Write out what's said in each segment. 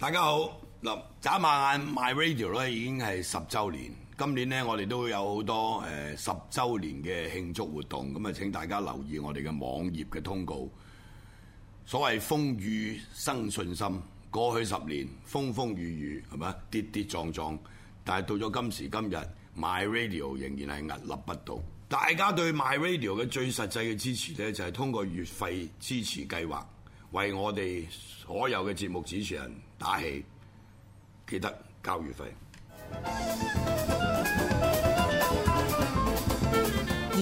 大家好，眨下眼 My Radio 已經係十週年，今年咧我哋都有好多誒、呃、十週年嘅慶祝活動，咁啊請大家留意我哋嘅網頁嘅通告。所謂風雨生信心，過去十年風風雨雨係咪跌跌撞撞，但係到咗今時今日，My Radio 仍然係屹立不倒。大家對 My Radio 嘅最實際嘅支持咧，就係、是、通過月費支持計劃。為我哋所有嘅節目主持人打氣，記得交月費。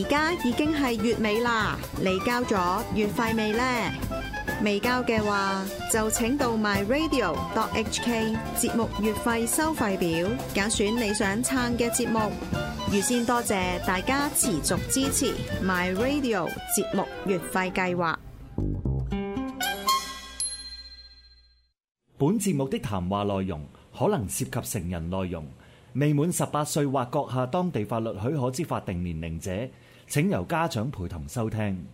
而家已經係月尾啦，你交咗月費未呢？未交嘅話，就請到 myradio.hk 節目月費收費表揀選你想撐嘅節目。預先多謝大家持續支持 myradio 節目月費計劃。本節目的談話內容可能涉及成人內容，未滿十八歲或閣下當地法律許可之法定年齡者，請由家長陪同收聽。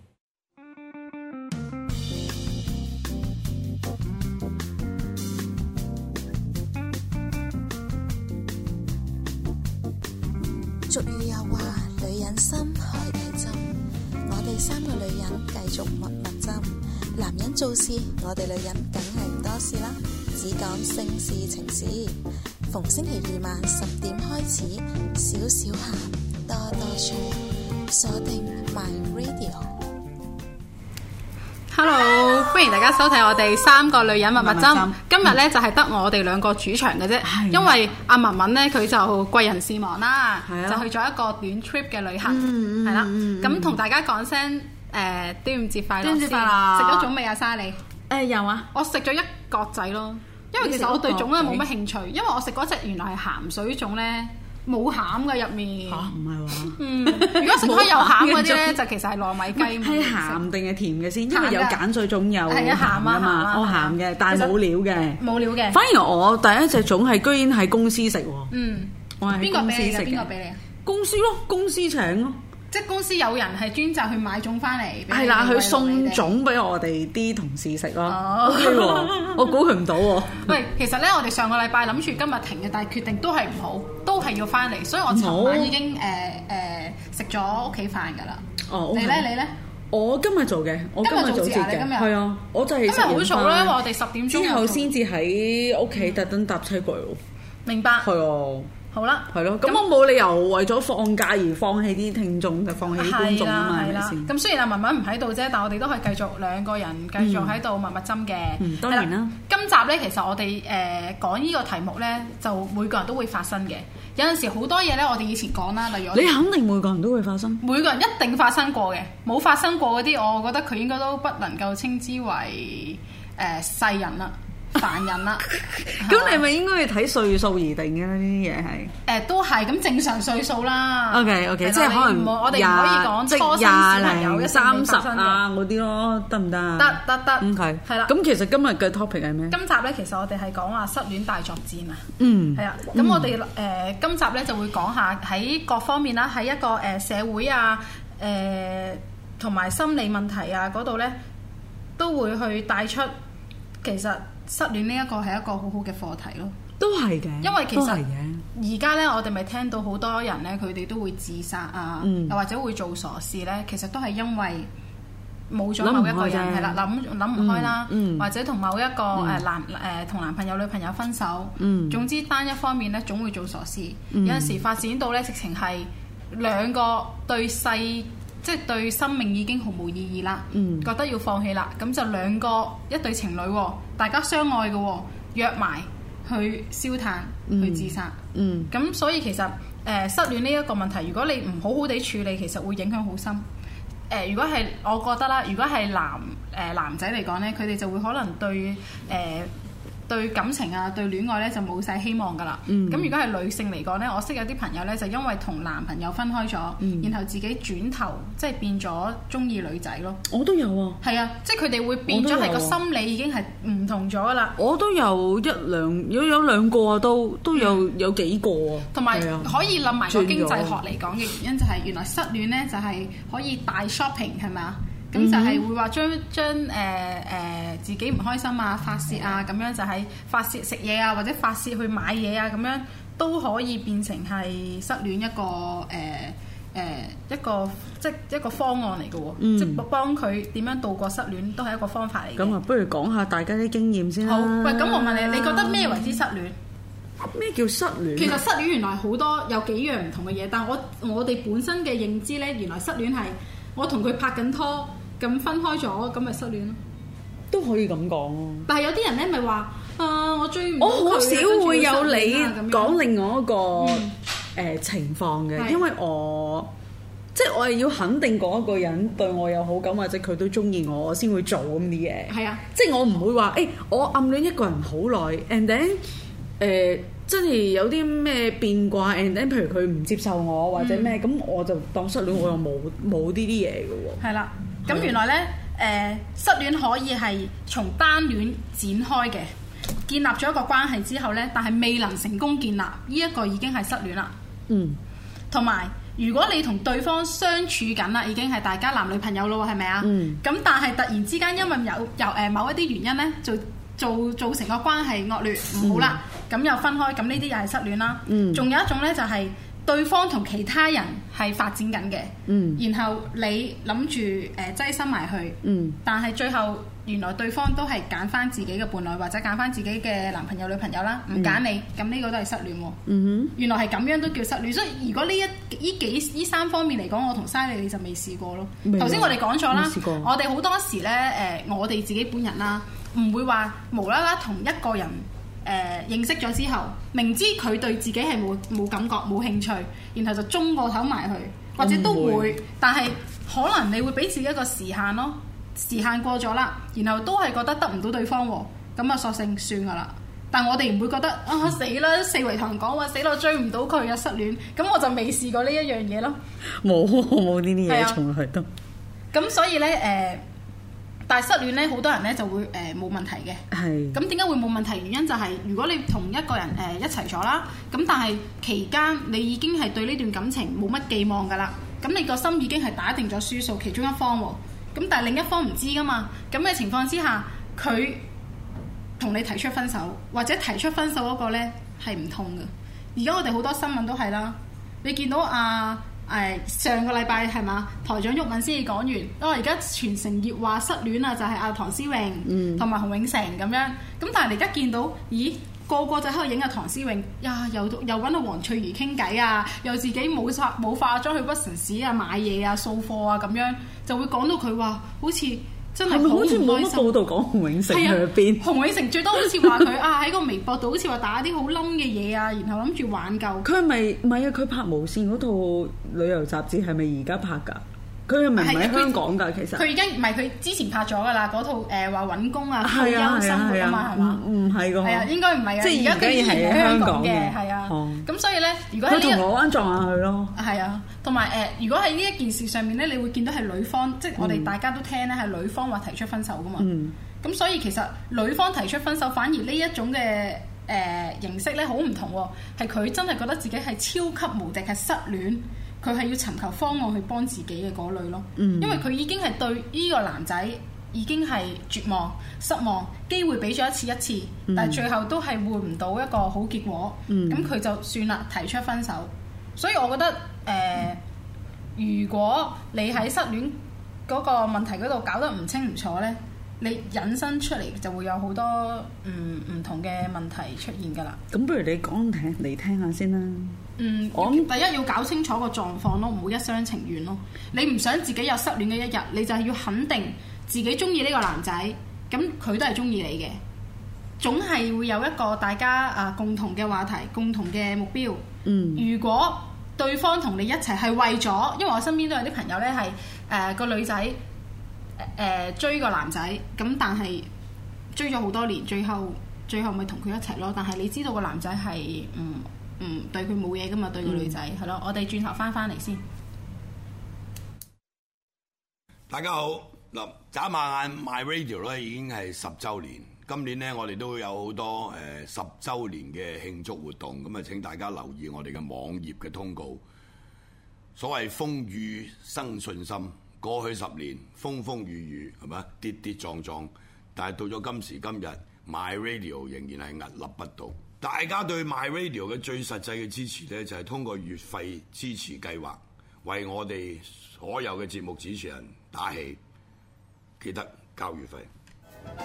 俗語又話：女人心海底針，我哋三個女人繼續蜜蜜針。男人做事，我哋女人梗係唔多事啦。只講性事情事，逢星期二晚十點開始，少少鹹，多多趣，鎖定 My Radio。Hello，歡迎大家收睇我哋三個女人蜜蜜針，今日咧就係得我哋兩個主場嘅啫，因為阿文文咧佢就貴人事忙啦，就去咗一個短 trip 嘅旅行，係啦，咁同大家講聲誒端午節快樂！端午節食咗粽未啊？莎莉誒有啊，我食咗一角仔咯。因為其實我對粽咧冇乜興趣，因為我食嗰隻原來係咸水粽咧，冇餡嘅入面。吓，唔係話？嗯，如果食開有餡嘅咧，就其實係糯米雞。係咸定係甜嘅先？因為有鹼水粽有。係啊，咸啊，咸啊，我咸嘅，但係冇料嘅，冇料嘅。反而我第一隻粽係居然喺公司食喎。嗯，我喺邊個公司食嘅？邊個俾你？邊個俾你？公司咯，公司請咯。即係公司有人係專責去買粽翻嚟，係啦，佢送粽俾我哋啲同事食咯。我估佢唔到喎。喂，其實咧，我哋上個禮拜諗住今日停嘅，但係決定都係唔好，都係要翻嚟。所以我尋晚已經誒誒食咗屋企飯㗎啦。你咧？你咧？我今日做嘅，我今日早節嘅，係啊，我就係十點鐘之後先至喺屋企特登搭車過嚟。明白。係啊。好啦，係咯了，咁、嗯、我冇理由為咗放假而放棄啲聽眾，就、嗯、放棄啲觀眾啊嘛，係咪先？咁、嗯、雖然阿文文唔喺度啫，但我哋都可以繼續兩個人繼續喺度蜜蜜針嘅、嗯。當然啦，今集呢，其實我哋誒、呃、講呢個題目呢，就每個人都會發生嘅。有陣時好多嘢呢，我哋以前講啦，例如你肯定每個人都會發生，每個人一定發生過嘅，冇發生過嗰啲，我覺得佢應該都不能夠稱之為誒、呃、世人啦。煩人啦，咁你咪應該要睇歲數而定嘅，呢啲嘢係誒，都係咁正常歲數啦。OK OK，吧即係可能20，我哋唔可以講初生小朋友嘅三十啊嗰啲咯，得唔得？得得得，係係啦。咁 Okay. 了其實今日嘅 topic 係咩？今集咧，其實我哋係講話失戀大作戰、嗯、啊。嗯，係啊。咁我哋誒，今集咧就會講下喺各方面啦，喺一個誒社會啊，誒同埋心理問題啊嗰度咧，都會去帶出其實。失戀呢一個係一個好好嘅課題咯，都係嘅。因為其實而家呢，我哋咪聽到好多人呢，佢哋都會自殺啊，又、嗯、或者會做傻事呢，其實都係因為冇咗某一個人係啦，諗諗唔開啦，嗯嗯、或者同某一個誒、嗯、男誒、同、呃、男朋友女朋友分手。嗯、總之單一方面呢，總會做傻事。嗯嗯、有陣時發展到呢，直情係兩個對世。即係對生命已經毫無意義啦，嗯、覺得要放棄啦，咁就兩個一對情侶，大家相愛嘅，約埋去燒炭去自殺，咁、嗯嗯、所以其實誒、呃、失戀呢一個問題，如果你唔好好地處理，其實會影響好深。誒、呃，如果係我覺得啦，如果係男誒、呃、男仔嚟講呢，佢哋就會可能對誒。呃對感情啊，對戀愛咧就冇晒希望㗎啦。咁、嗯、如果係女性嚟講呢，我識有啲朋友呢，就因為同男朋友分開咗，嗯、然後自己轉頭即係變咗中意女仔咯。我都有啊。係啊，即係佢哋會變咗係個心理已經係唔同咗啦。我都有一兩，如果有兩個啊，都都有有幾個啊。同埋、嗯、可以諗埋個經濟學嚟講嘅原因，就係原來失戀呢，就係可以大 shopping 係咪？咁就係會話將將，誒、誒自己唔開心啊，發泄啊，咁樣就係發泄食嘢啊，或者發泄去買嘢啊，咁樣都可以變成係失戀一個誒、誒一個即係一個方案嚟嘅喎，即係幫佢點樣度過失戀都係一個方法嚟嘅。咁啊，不如講下大家啲經驗先啦。好，喂，咁我問你，你覺得咩為之失戀？咩叫失戀？其實失戀原來好多有幾樣唔同嘅嘢，但我我哋本身嘅認知咧，原來失戀係我同佢拍緊拖。咁分開咗，咁咪失戀咯？都可以咁講咯。但係有啲人咧，咪話誒我追我好少會有你講你另外一個誒、嗯呃、情況嘅，因為我即係我係要肯定嗰一個人對我有好感，或者佢都中意我，我先會做咁啲嘢。係啊，即係我唔會話誒、哎，我暗戀一個人好耐，and then 誒、呃、真係有啲咩變卦，and then 譬如佢唔接受我或者咩，咁、嗯、我就當失戀，我又冇冇呢啲嘢嘅喎。係啦。 咁原來呢，誒、呃、失戀可以係從單戀展開嘅，建立咗一個關係之後呢，但係未能成功建立，呢、這、一個已經係失戀啦。嗯。同埋，如果你同對方相處緊啦，已經係大家男女朋友咯，係咪啊？嗯。咁但係突然之間，因為有由誒、呃、某一啲原因呢，就造造成個關係惡劣唔好啦，咁、嗯、又分開，咁呢啲又係失戀啦。仲、嗯、有一種呢，就係、是。對方同其他人係發展緊嘅，嗯、然後你諗住誒擠身埋去，嗯、但係最後原來對方都係揀翻自己嘅伴侶或者揀翻自己嘅男朋友女朋友啦，唔揀你，咁呢、嗯、個都係失戀喎。嗯、哼原來係咁樣都叫失戀，所以如果呢一呢幾呢三方面嚟講，我同莎莉你就未試過咯。頭先我哋講咗啦試過，我哋好多時咧誒，我哋自己本人啦，唔會話無啦啦同一個人。誒、uh, 認識咗之後，明知佢對自己係冇冇感覺冇興趣，然後就撞個頭埋去，或者都會，唔會但係可能你會俾自己一個時限咯，時限過咗啦，然後都係覺得得唔到對方喎，咁啊索性算㗎啦。但我哋唔會覺得啊死啦，四圍同人講話死咯，追唔到佢啊失戀，咁我就未試過呢一樣嘢咯。冇，我冇呢啲嘢從來都。咁所以呢。誒、呃。但係失戀咧，好多人咧就會誒冇、呃、問題嘅。係的。咁點解會冇問題？原因就係、是、如果你同一個人誒、呃、一齊咗啦，咁但係期間你已經係對呢段感情冇乜寄望㗎啦。咁你個心已經係打定咗輸數，其中一方喎。咁但係另一方唔知㗎嘛。咁嘅情況之下，佢同你提出分手，或者提出分手嗰個咧係唔痛嘅。而家我哋好多新聞都係啦，你見到啊～誒，上個禮拜係嘛，台長毓民先至講完，因為而家全城熱話失戀啊，就係、嗯、阿唐詩詠同埋洪永城咁樣。咁但係你而家見到，咦，個個就喺度影阿唐詩詠呀，又又揾到黃翠如傾偈啊，又自己冇化冇化妝去屈臣氏啊，買嘢啊、掃貨啊咁樣，就會講到佢話好似。真係好似冇乜報道講洪永城喺邊。洪永城最多好似話佢啊喺個微博度好似話打啲好冧嘅嘢啊，然後諗住挽救。佢係咪唔係啊？佢拍無線嗰套旅遊雜誌係咪而家拍㗎？佢唔係喺香港㗎？其實佢已經唔係佢之前拍咗㗎啦，嗰套誒話揾工啊，退休生活㗎嘛，係嘛、啊？唔係㗎，啊，應該唔係嘅。即係而家竟然係香港嘅，係、嗯、啊。咁所以咧，如果呢、呢個我安台下佢咯。係啊，同埋誒，如果喺呢一件事上面咧，你會見到係女方，嗯、即係我哋大家都聽咧係女方話提出分手㗎嘛。咁、嗯、所以其實女方提出分手，反而呢一種嘅誒、呃、形式咧，好唔同喎。係佢真係覺得自己係超級無敵，係失戀。佢係要尋求方案去幫自己嘅嗰類咯，嗯、因為佢已經係對呢個男仔已經係絕望、失望，機會俾咗一次一次，嗯、但係最後都係換唔到一個好結果，咁佢、嗯、就算啦，提出分手。所以我覺得，誒、呃，嗯、如果你喺失戀嗰個問題嗰度搞得唔清唔楚呢，你引申出嚟就會有好多唔唔同嘅問題出現㗎啦。咁不如你講嚟聽下先啦。嗯，第一要搞清楚個狀況咯，唔好一廂情願咯。你唔想自己有失戀嘅一日，你就係要肯定自己中意呢個男仔，咁佢都係中意你嘅。總係會有一個大家啊共同嘅話題，共同嘅目標。嗯，如果對方同你一齊係為咗，因為我身邊都有啲朋友呢係誒、呃個女仔、呃、追個男仔，咁但係追咗好多年，最後最後咪同佢一齊咯。但係你知道個男仔係嗯。嗯，對佢冇嘢噶嘛，對個女仔係咯，我哋轉頭返返嚟先。大家好，嗱，眨下眼，My Radio 咧已經係十週年，今年呢，我哋都有好多誒、呃、十週年嘅慶祝活動，咁啊請大家留意我哋嘅網頁嘅通告。所謂風雨生信心，過去十年風風雨雨係咪？跌跌撞撞，但係到咗今時今日，My Radio 仍然係屹立不倒。大家對 MyRadio 嘅最實際嘅支持呢，就係通過月費支持計劃，為我哋所有嘅節目主持人打氣。記得交月費。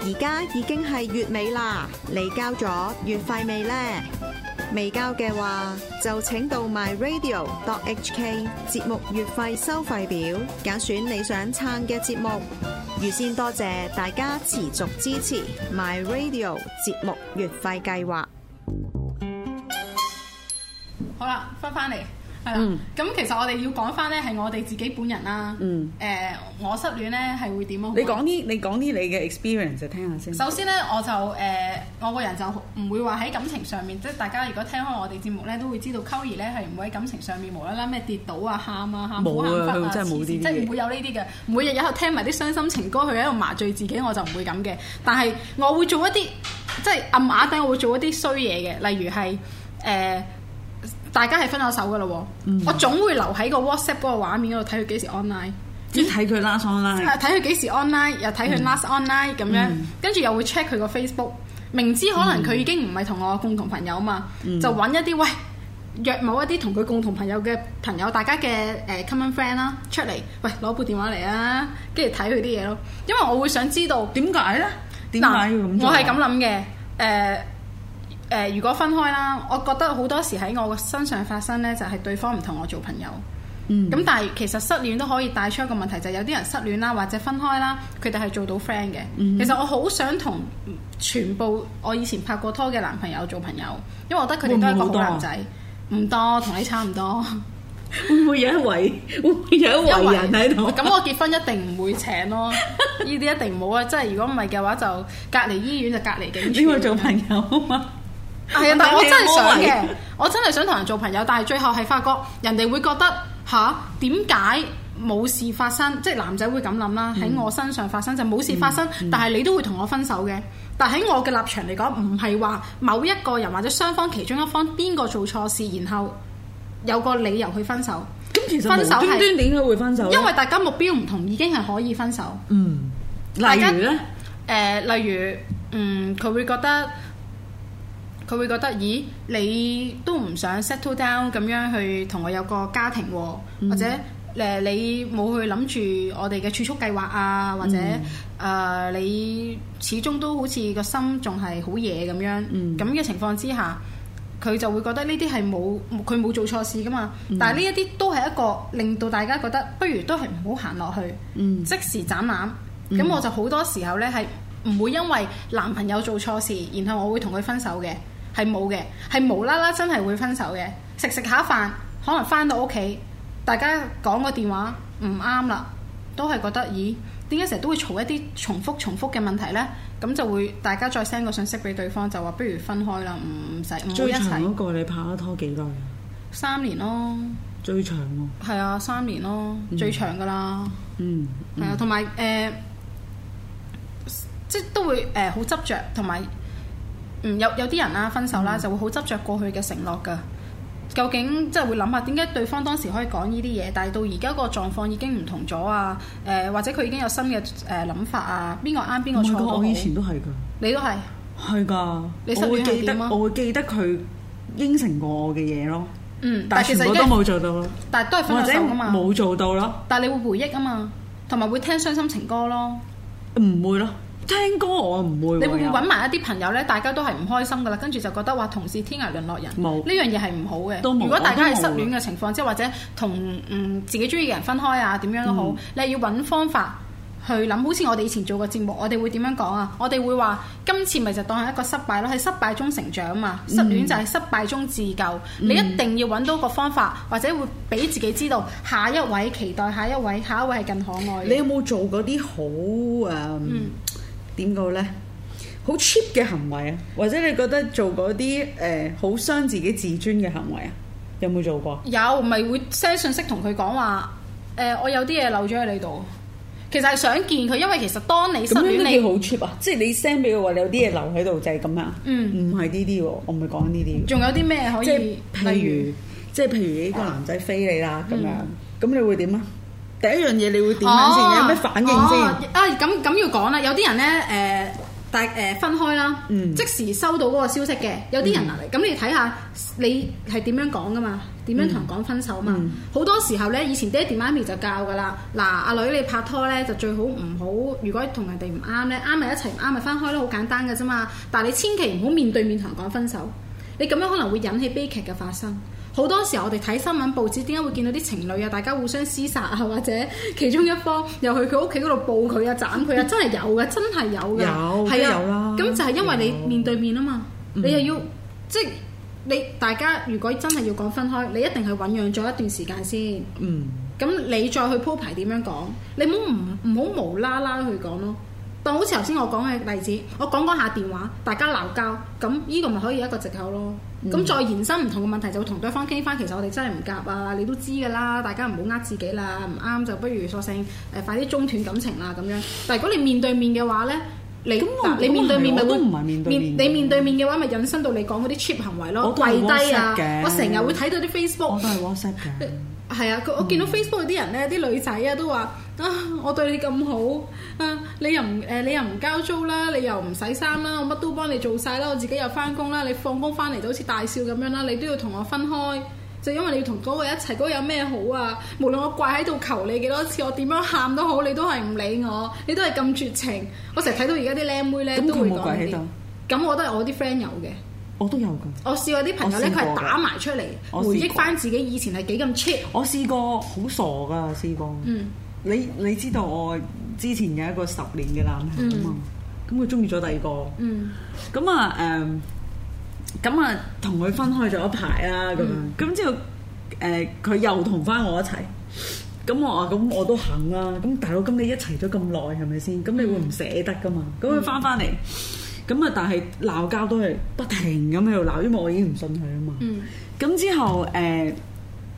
而家已經係月尾啦，你交咗月費未呢？未交嘅話，就請到 MyRadio.hk 節目月費收費表，揀選你想撐嘅節目。預先多謝大家持續支持 My Radio 節目月費計劃。好啦，翻返嚟。係啦，咁、嗯嗯、其實我哋要講翻咧，係我哋自己本人啦。嗯，誒、呃，我失戀咧係會點啊？你講啲，你講啲你嘅 experience 就聽下先。首先咧，我就誒、呃，我個人就唔會話喺感情上面，即係大家如果聽開我哋節目咧，都會知道溝兒咧係唔會喺感情上面無啦啦咩跌倒啊、喊啊，冇啊，佢真係冇啲，即係唔會有呢啲嘅。嗯、每日喺度聽埋啲傷心情歌，去喺度麻醉自己，我就唔會咁嘅。但係我會做一啲即係暗啞底，我會做一啲衰嘢嘅，例如係誒。呃大家係分咗手嘅咯喎，嗯、我總會留喺個 WhatsApp 嗰個畫面嗰度睇佢幾時 online，即睇佢 last online，睇佢幾時 online 又睇佢 last online 咁樣，跟住、嗯、又會 check 佢個 Facebook，明知可能佢已經唔係同我共同朋友嘛，嗯、就揾一啲喂約某一啲同佢共同朋友嘅朋友，大家嘅誒 common friend 啦出嚟，喂攞部電話嚟啊，跟住睇佢啲嘢咯，因為我會想知道點解咧？點解要咁做？我係咁諗嘅，誒、呃。誒，如果分開啦，我覺得好多時喺我嘅身上發生呢，就係對方唔同我做朋友。咁、嗯、但係其實失戀都可以帶出一個問題，就係、是、有啲人失戀啦，或者分開啦，佢哋係做到 friend 嘅。嗯、哼其實我好想同全部我以前拍過拖嘅男朋友做朋友，因為我覺得佢哋都係一個好男仔。唔多、啊、多，同你差唔多。 會唔會有一位？會唔會有一位人喺度？咁我結婚一定唔會請咯，呢啲一定冇啊！ 即係如果唔係嘅話，就隔離醫院就隔離警署，因為做朋友 係啊，但我真係想嘅，我真係想同人做朋友，但係最後係發覺人哋會覺得吓，點解冇事發生？即係男仔會咁諗啦，喺我身上發生就冇事發生，但係你都會同我分手嘅。但喺我嘅立場嚟講，唔係話某一個人或者雙方其中一方邊個做錯事，然後有個理由去分手。咁其實無端端點解會分手？因為大家目標唔同，已經係可以分手。嗯，例如咧，誒，例如嗯，佢會覺得。佢會覺得，咦？你都唔想 settle down 咁樣去同我有個家庭喎、啊，嗯、或者誒你冇去諗住我哋嘅儲蓄計劃啊，或者誒、嗯呃、你始終都好似個心仲係好嘢咁樣。咁嘅、嗯、情況之下，佢就會覺得呢啲係冇佢冇做錯事㗎嘛。嗯、但係呢一啲都係一個令到大家覺得不如都係唔好行落去，嗯、即時斬纜。咁、嗯、我就好多時候呢，係唔會因為男朋友做錯事，然後我會同佢分手嘅。係冇嘅，係無啦啦真係會分手嘅。食食下飯，可能翻到屋企，大家講個電話唔啱啦，都係覺得咦，點解成日都會嘈一啲重複重複嘅問題呢？咁就會大家再 send 個信息俾對方，就話不如分開啦，唔唔使唔好一齊。最長嗰個你拍咗拖幾耐？三年咯，最長喎。係啊，三年咯，嗯、最長噶啦、嗯。嗯，係啊，同埋誒，即都會誒好、呃、執着，同埋。嗯，有有啲人啦、啊，分手啦、啊，嗯、就會好執着過去嘅承諾㗎。究竟即係、就是、會諗下點解對方當時可以講呢啲嘢，但係到而家個狀況已經唔同咗啊！誒、呃，或者佢已經有新嘅誒諗法啊，邊個啱邊個錯我？我以前都係㗎，你都係係㗎。你實會記得，我會記得佢應承過我嘅嘢咯。嗯，但係其實都冇做到咯。但係都係分手啊嘛。冇做到咯。但係你會回憶啊嘛，同埋會聽傷心情歌咯。唔會咯。聽歌我唔會，你會唔會揾埋一啲朋友呢？大家都係唔開心噶啦，跟住就覺得話同事天涯淪落人，呢沒樣嘢係唔好嘅。如果大家係失戀嘅情況，即係或者同嗯自己中意嘅人分開啊，點樣都好，嗯、你要揾方法去諗。好似我哋以前做過節目，我哋會點樣講啊？我哋會話今次咪就當係一個失敗咯，喺失敗中成長嘛。嗯、失戀就係失敗中自救，嗯、你一定要揾到個方法，或者會俾自己知道下一位期待下一位，下一位係更可愛。你有冇做嗰啲好誒？嗯嗯點講咧？好 cheap 嘅行為啊，或者你覺得做嗰啲誒好傷自己自尊嘅行為啊，有冇做過？有，唔係會 send 信息同佢講話誒，我有啲嘢漏咗喺你度，其實係想見佢，因為其實當你失戀你好 cheap 啊，你即係你，你 send 俾、嗯、佢話你有啲嘢漏喺度就係咁樣，嗯，唔係呢啲喎，我唔係講呢啲。仲有啲咩可以？譬如，即係譬如呢個男仔飛你啦，咁樣，咁你會點啊？第一樣嘢你會點、哦、先？你有咩反應先、哦？啊咁咁要講啦，有啲人咧誒，但、呃、誒、呃、分開啦，嗯、即時收到嗰個消息嘅，有啲人嗱，嚟、嗯，咁你睇下你係點樣講噶嘛？點樣同人講分手嘛？好、嗯嗯、多時候咧，以前爹哋媽咪就教噶啦，嗱，阿女你拍拖咧就最好唔好，如果同人哋唔啱咧，啱咪一齊，唔啱咪分開咯，好簡單嘅啫嘛。但係你千祈唔好面對面同人講分手，你咁樣可能會引起悲劇嘅發生。好多時候我哋睇新聞報紙，點解會見到啲情侶啊？大家互相廝殺啊，或者其中一方又去佢屋企嗰度報佢啊、斬佢啊，真係有嘅，真係有嘅，係啊，咁就係因為你面對面啊嘛，有你又要即係你大家如果真係要講分開，你一定係醞釀咗一段時間先。嗯，咁你再去鋪排點樣講，你唔好唔唔好無啦啦去講咯。但好似頭先我講嘅例子，我講講下電話，大家鬧交，咁呢個咪可以有一個藉口咯。咁、嗯、再延伸唔同嘅問題，就會同對方傾翻。其實我哋真係唔夾啊，你都知㗎啦。大家唔好呃自己啦，唔啱就不如索性誒快啲中斷感情啦咁樣。但係如果你面對面嘅話咧，你咁，你面對面咪都唔係面對面，面。你面對面嘅話咪引申到你講嗰啲 cheap 行為咯，跪低啊！我成日會睇到啲 Facebook，我都係 WhatsApp 嘅。係、嗯、啊，佢我見到 Facebook 啲人咧，啲女仔啊都話。啊！我對你咁好啊！你又唔誒？你又唔交租啦？你又唔洗衫啦？我乜都幫你做晒啦！我自己又翻工啦！你放工翻嚟都好似大笑咁樣啦！你都要同我分開，就因為你要同嗰個一齊。嗰個有咩好啊？無論我跪喺度求你幾多次，我點樣喊都好，你都係唔理我，你都係咁絕情。我成日睇到而家啲靚妹咧都會講啲，咁我都係我啲 friend 有嘅，我都有噶。我試過啲朋友咧，佢係打埋出嚟，回憶翻自己以前係幾咁 cheap。我試過，好傻噶，試過。嗯。你你知道我之前嘅一個十年嘅男朋友嘛？咁佢中意咗第二個，咁啊誒，咁啊同佢分開咗一排啊咁樣，咁、嗯、之後誒佢、呃、又同翻我一齊，咁我話咁我都肯啦。咁大佬，咁你一齊咗咁耐係咪先？咁你會唔捨得噶嘛？咁佢翻翻嚟，咁啊、嗯、但係鬧交都係不停咁喺度鬧，因為我已經唔信佢啊嘛。咁、嗯、之後誒、呃，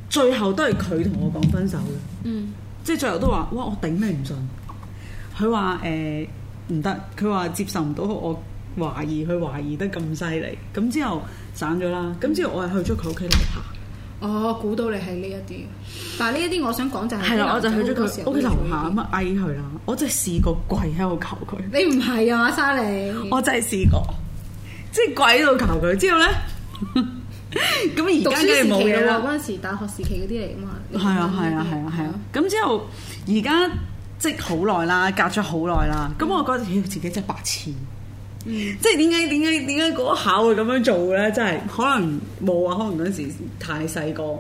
最後都係佢同我講分手嘅。嗯嗯。即係最後都話，哇！我頂你唔順。佢話，誒唔得，佢、呃、話接受唔到我懷疑，佢懷疑得咁犀利。咁之後散咗啦。咁、嗯、之後我係去咗佢屋企樓下。哦，估到你係呢一啲。但係呢一啲我想講就係，係啦，我就去咗佢屋企樓下咁啊，嗌佢啦。我真係試過跪喺度求佢。你唔係啊，阿莎莉。我真係試過，即係跪喺度求佢。之後咧。 咁而家梗係冇嘢啦，嗰陣時、讀書時期啊、時大學時期嗰啲嚟嘛。係啊，係啊，係啊，係啊。咁、啊嗯、之後而家即係好耐啦，隔咗好耐啦。咁、嗯、我覺得，妖自己真係白痴。嗯、即係點解點解點解嗰下會咁樣做咧？真係可能冇啊，可能嗰陣時太細個，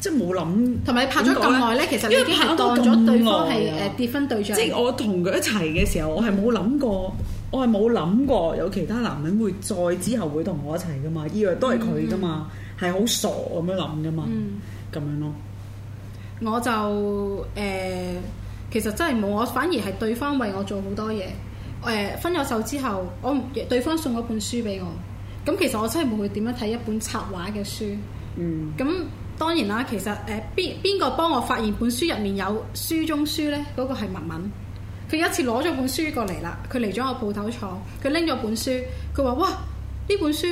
即係冇諗。同埋拍咗咁耐咧，其實已經當咗對方係誒結婚對象。即係我同佢一齊嘅時候，我係冇諗過。我係冇諗過有其他男人會再之後會同我一齊噶嘛，以為都係佢噶嘛，係好、嗯、傻咁樣諗噶嘛，咁、嗯、樣咯。我就誒、呃，其實真係冇，我反而係對方為我做好多嘢。誒、呃，分咗手之後，我對方送咗本書俾我，咁其實我真係冇去點樣睇一本插畫嘅書。嗯，咁當然啦，其實誒，邊邊個幫我發現本書入面有書中書呢？嗰、那個係文文。佢有一次攞咗本書過嚟啦，佢嚟咗我鋪頭坐，佢拎咗本書，佢話：哇，呢本書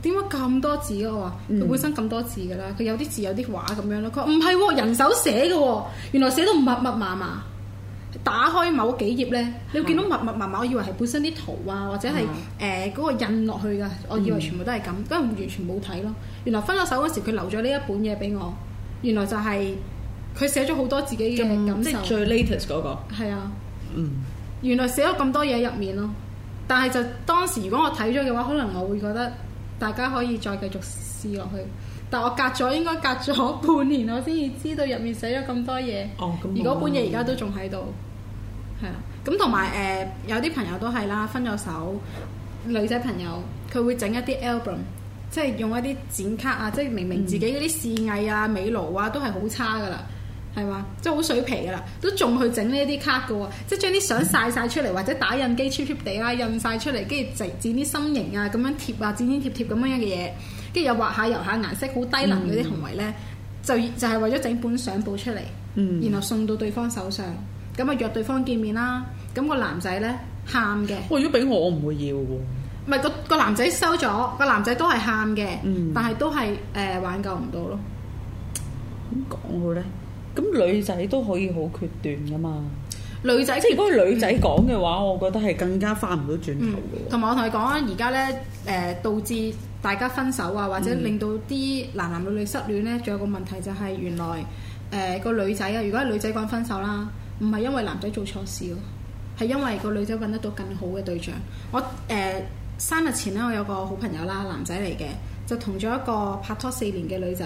點解咁多字？我話：佢本身咁多字噶啦，佢、mm hmm. 有啲字有啲畫咁樣咯。佢話：唔係喎，人手寫嘅喎，原來寫到密密麻麻。打開某幾頁咧，你會見到密密麻麻，我以為係本身啲圖啊，或者係誒嗰個印落去噶，我以為全部都係咁，都完全冇睇咯。原來分咗手嗰時，佢留咗呢一本嘢俾我，原來就係佢寫咗好多自己嘅感受，最 latest 嗰、嗰個，係啊。嗯、原來寫咗咁多嘢入面咯，但係就當時如果我睇咗嘅話，可能我會覺得大家可以再繼續試落去。但我隔咗應該隔咗半年，我先至知道入面寫咗咁多嘢。哦，咁而嗰本嘢而家都仲喺度，係啦、嗯。咁同埋誒有啲、嗯呃、朋友都係啦，分咗手、嗯、女仔朋友，佢會整一啲 album，即係用一啲剪卡啊，即係明明自己嗰啲視藝啊、美勞啊都係好差噶啦。係嘛，即係好水皮噶啦，都仲去整呢啲卡噶喎，即係將啲相晒晒出嚟，或者打印機 cheap cheap 地啦，印晒出嚟，跟住直剪啲心形啊，咁樣貼啊，剪剪貼貼咁樣嘅嘢，跟住又畫下、油下顏色，好低能嗰啲行為咧，就就係為咗整本相簿出嚟，嗯，然後送到對方手上，咁啊約對方見面啦，咁個男仔咧喊嘅。哇！如果俾我，我唔會要喎。唔係個個男仔收咗，個男仔都係喊嘅，但係都係誒挽救唔到咯。點講好咧？咁女仔都可以好決斷噶嘛？女仔即係如果女仔講嘅話，嗯、我覺得係更加翻唔到轉頭嘅。同埋、嗯、我同你講啊，而家呢誒、呃、導致大家分手啊，或者令到啲男男女女失戀呢，仲、嗯、有個問題就係原來誒個、呃、女仔啊，如果係女仔講分手啦，唔係因為男仔做錯事咯，係因為個女仔揾得到更好嘅對象。我誒生、呃、日前呢，我有個好朋友啦，男仔嚟嘅，就同咗一個拍拖四年嘅女仔。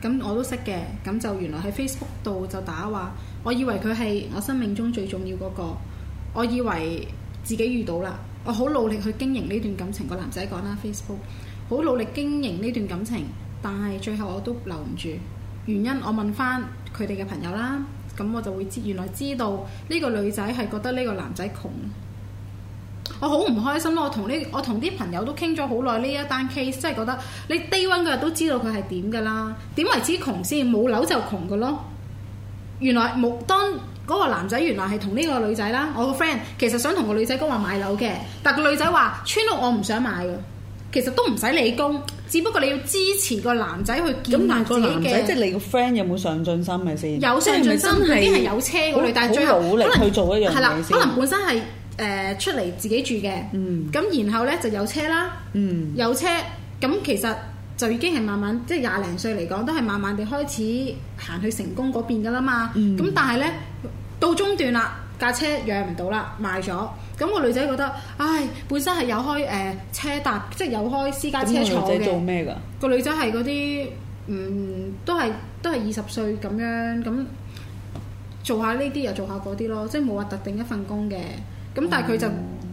咁我都識嘅，咁就原來喺 Facebook 度就打話，我以為佢係我生命中最重要嗰個，我以為自己遇到啦，我好努力去經營呢段感情，個男仔講啦 Facebook，好努力經營呢段感情，但係最後我都留唔住，原因我問返佢哋嘅朋友啦，咁我就會知原來知道呢個女仔係覺得呢個男仔窮。我好唔開心咯！我同呢我同啲朋友都傾咗好耐呢一單 case，真係覺得你 day one 嗰日都知道佢係點嘅啦。點為之窮先？冇樓就窮嘅咯。原來木當嗰個男仔原來係同呢個女仔啦。我個 friend 其實想同個女仔講話買樓嘅，但個女仔話：村屋我唔想買嘅。其實都唔使理工，只不過你要支持個男仔去兼但個自己嘅。即係你個 friend 有冇上進心咪先？有上進心，佢啲係有車嗰類，很但係最後可能去做一樣係啦，可能本身係。誒、呃、出嚟自己住嘅，咁、嗯、然後呢就有車啦，嗯、有車咁其實就已經係慢慢，即係廿零歲嚟講都係慢慢地開始行去成功嗰邊噶啦嘛。咁、嗯、但係呢，到中段啦，架車養唔到啦，賣咗。咁個女仔覺得，唉，本身係有開誒、呃、車搭，即係有開私家車坐嘅。女個女仔做咩㗎？個女仔係嗰啲，嗯，都係都係二十歲咁樣咁，做下呢啲又做下嗰啲咯，即係冇話特定一份工嘅。咁、嗯、但係佢就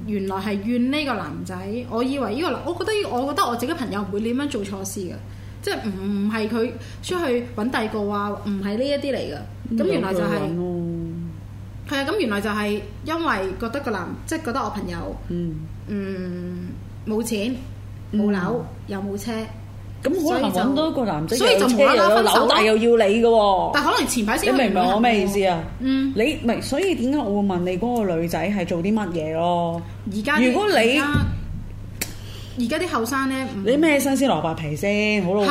原來係怨呢個男仔，我以為呢個男，我覺得我覺得我自己朋友唔會點樣做錯事嘅，即係唔係佢出去揾第二個啊，唔係呢一啲嚟嘅。咁、嗯、原來就係、係，係啊、嗯，咁、嗯、原來就係因為覺得個男，即係覺得我朋友，嗯，冇、嗯、錢、冇樓又冇車。咁可能咁多個男仔所以就重打翻手牌又要你嘅喎。但可能前排先，你明唔明我咩意思啊？嗯，你咪，所以點解我會問你嗰個女仔係做啲乜嘢咯？而家如果你而家啲後生咧，你咩新鮮蘿蔔皮先？好老